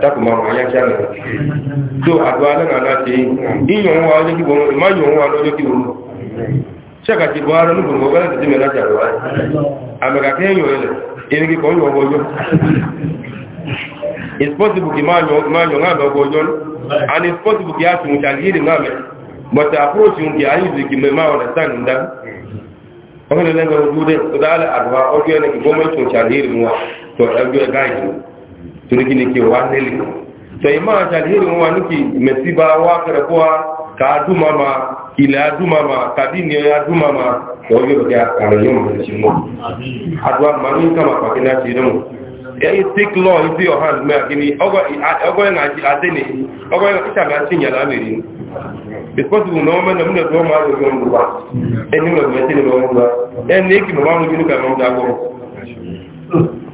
takuma ma ya kya nan a na nan ana ti iyon wa ne ki bon ma yon wa no ki won shaka ti wa ran bon ga ti me la ja wa amega ke yon ele ene ki kon yon bojo it's possible ki ma yon ma yon ga bojo and it's possible ki asu ta na me but approach ki ayi ki me ma nda tuniki ni ke wa neli to ima jalhiri wa nuki mesiba wa kare kwa ka duma ma ila duma ma ya duma ma to yo ya kare mo ti adwa mani kama pa kina ti ya you take law into your hands me akini ogo na ji adeni ogo isa na ti nyala meri it's possible no man ma yo ba ba ma ka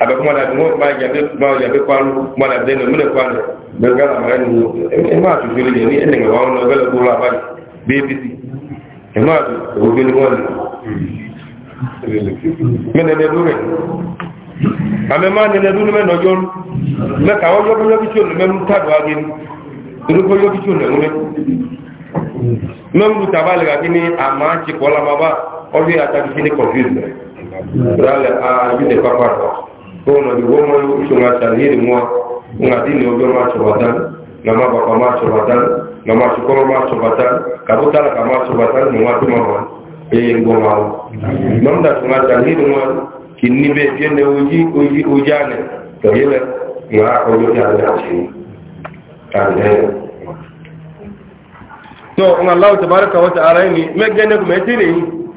abe kuma na dungo kuma jabe kuma jabe kwanu kuma na deno mune kwanu be gala ma ni e ma tu fili ni ene ga wono gala ku la ba be bisi e ma tu o fili won mene ne dure ame ma ne ne dure me no jon me ka wo yo yo bicho ne mu ta do agin duru ko yo bicho ne mu me mu ta ga kini ama chi kola ma ba o confuse rale a bi de papa goma di goma yu su nga tarhiri mwa nga dini ojo ma chobatan nga bapa ma chobatan nama ma shukoro ma chobatan kabutala ka ma chobatan nga tu ma ma e goma wu imam da su nga tarhiri be jende uji uji ujane to yele nga ojo ya ya chi tarhiri to nga Allah tabaraka wa ta'ala ni me gende ku me tiri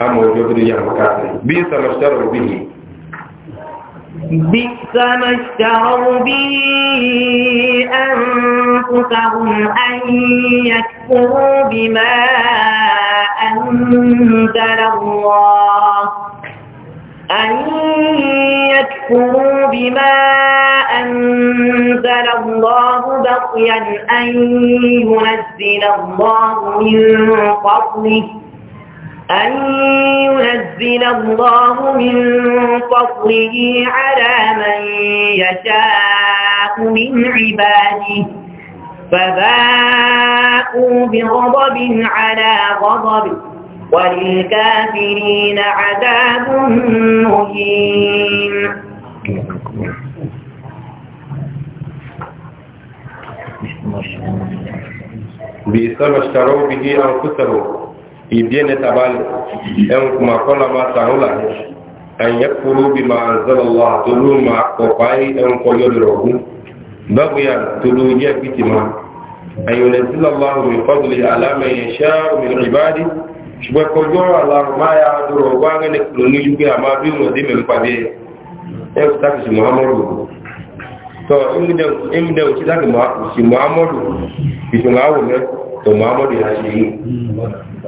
أما وجود رجال مكافر بيس ما اشتروا به بئس ما اشتروا به أنفسهم أن يكفروا بما أنزل الله أن أنزل الله بقيا أن ينزل الله من فضله أن ينزل الله من فضله على من يشاء من عباده فباءوا بغضب على غضب وللكافرين عذاب مهين بئس اشتروا به أنفسهم ibiene tabale en kuma kola ma taula an bi bima Allah tulu ma ko pai en ko yodoro babu ya tulu ya bitima an yunzil Allah min fadli ala man yasha min ibadi shubwa ko ala ma ya duro gwanga ne yugbe a ama bi mo de e ta ki Muhammadu to eh. ya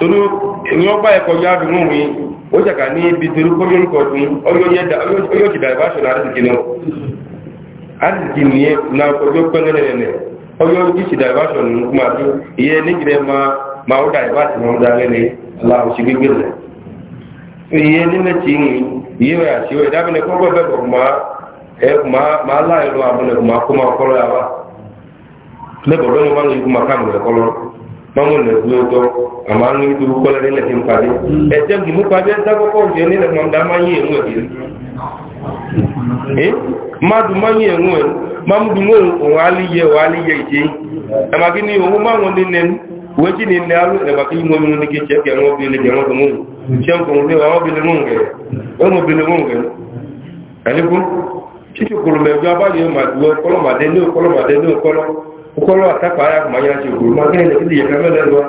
tolu ìwọ́n bá ẹ̀kọ́ yá dùn mú ó jàkà ní ibi torí kó yóò kọ̀ dùn ọyọ́ jìdá ìbáṣọ̀ náà àdìsìkì náà àdìsìkì nìyẹn náà ọjọ́ pẹ́ngẹ́lẹ́lẹ́ ọyọ́ jìdá ìbáṣọ̀ nù kúmà tó ìyẹ ó dà ìbáṣọ̀ náà dá lẹ́lẹ́ gbígbé rẹ̀ nílẹ̀ tí ń yí rẹ̀ àti kọ́kọ́ máa mamu le gbogbo ama ŋu yi ne le fi nkpa de ɛtɛ gimu kpa de ɛtɛ kɔkɔ ɔdze ne le mɔ da ma yi eŋu ɛdi ee ma du ma yi eŋu ɛ mamu du ŋu òun ali yɛ òun ali yɛ ìdze ɛma ki ni òun ma ŋu ni nɛnu òun ti ni nɛ alu ɛma ki bi le kɛ ŋu bi ŋu tse ŋu ŋu bi bi le ŋu bi le ma du kɔlɔ ma de ne kɔlɔ ma de ne ukolo atakpa ya kuma nyina ti guru ma gine ne ya kama le lwa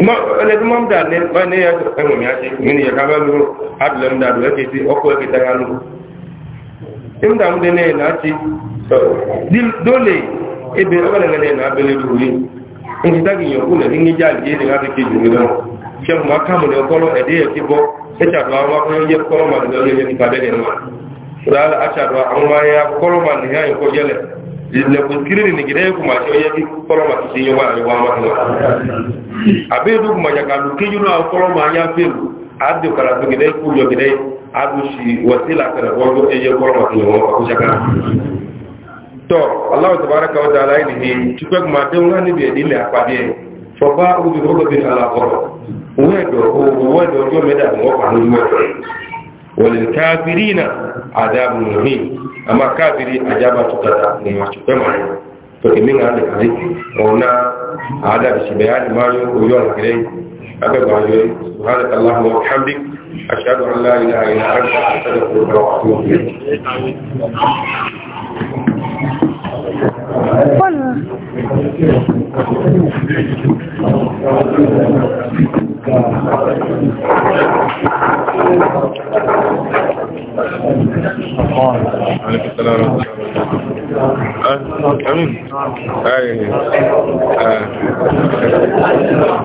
ma ele ma mda ne ma ne ya ko ya ti ndị ya kama lu adle mda do eke si ọkụ ke ta ya lu imda mde na ti dil dole ebe na ne na bele du ni ngi tagi yo kula ngi ja je ne ga ke ma kama ne ukolo ede ya ti e cha do ma do ye ne acha ya ko ma ya ko ilẹ̀kùn kiri ni gidẹ́ kùmà tí ó yẹ kí kọ́lọ́mà ti ṣe yọ wà àríwá wọn lọ. àbẹ́ẹ̀dù kùmà yàgàlù kéjú náà kọ́lọ́mà yá bẹ̀rù àdì kàrà tó gidẹ́ kú yọ gidẹ́ àdùsì wọ̀sílà kẹrẹ̀ wọ́n tó ẹyẹ kọ́lọ́mà ti yọ wọn kọ́ ṣaka. tọ́ aláwọ̀ tàbára kan ọjà aláìní ni tupẹ́ kùmà dẹ́wọ́n náà níbi ẹ̀dí ilẹ̀ àpàdé ẹ̀ fọ́bá obìnrin ó وللكافرين عذاب مهين اما كافري عذاب تكتا نيما تكما فكمين عندك عليك ونا عذاب شبيان ما يقولون عليه أبدا سبحانك اللهم وبحمدك أشهد أن لا إله إلا أنت أستغفرك وأتوب إليك ولا عليك السلام ورحمة الله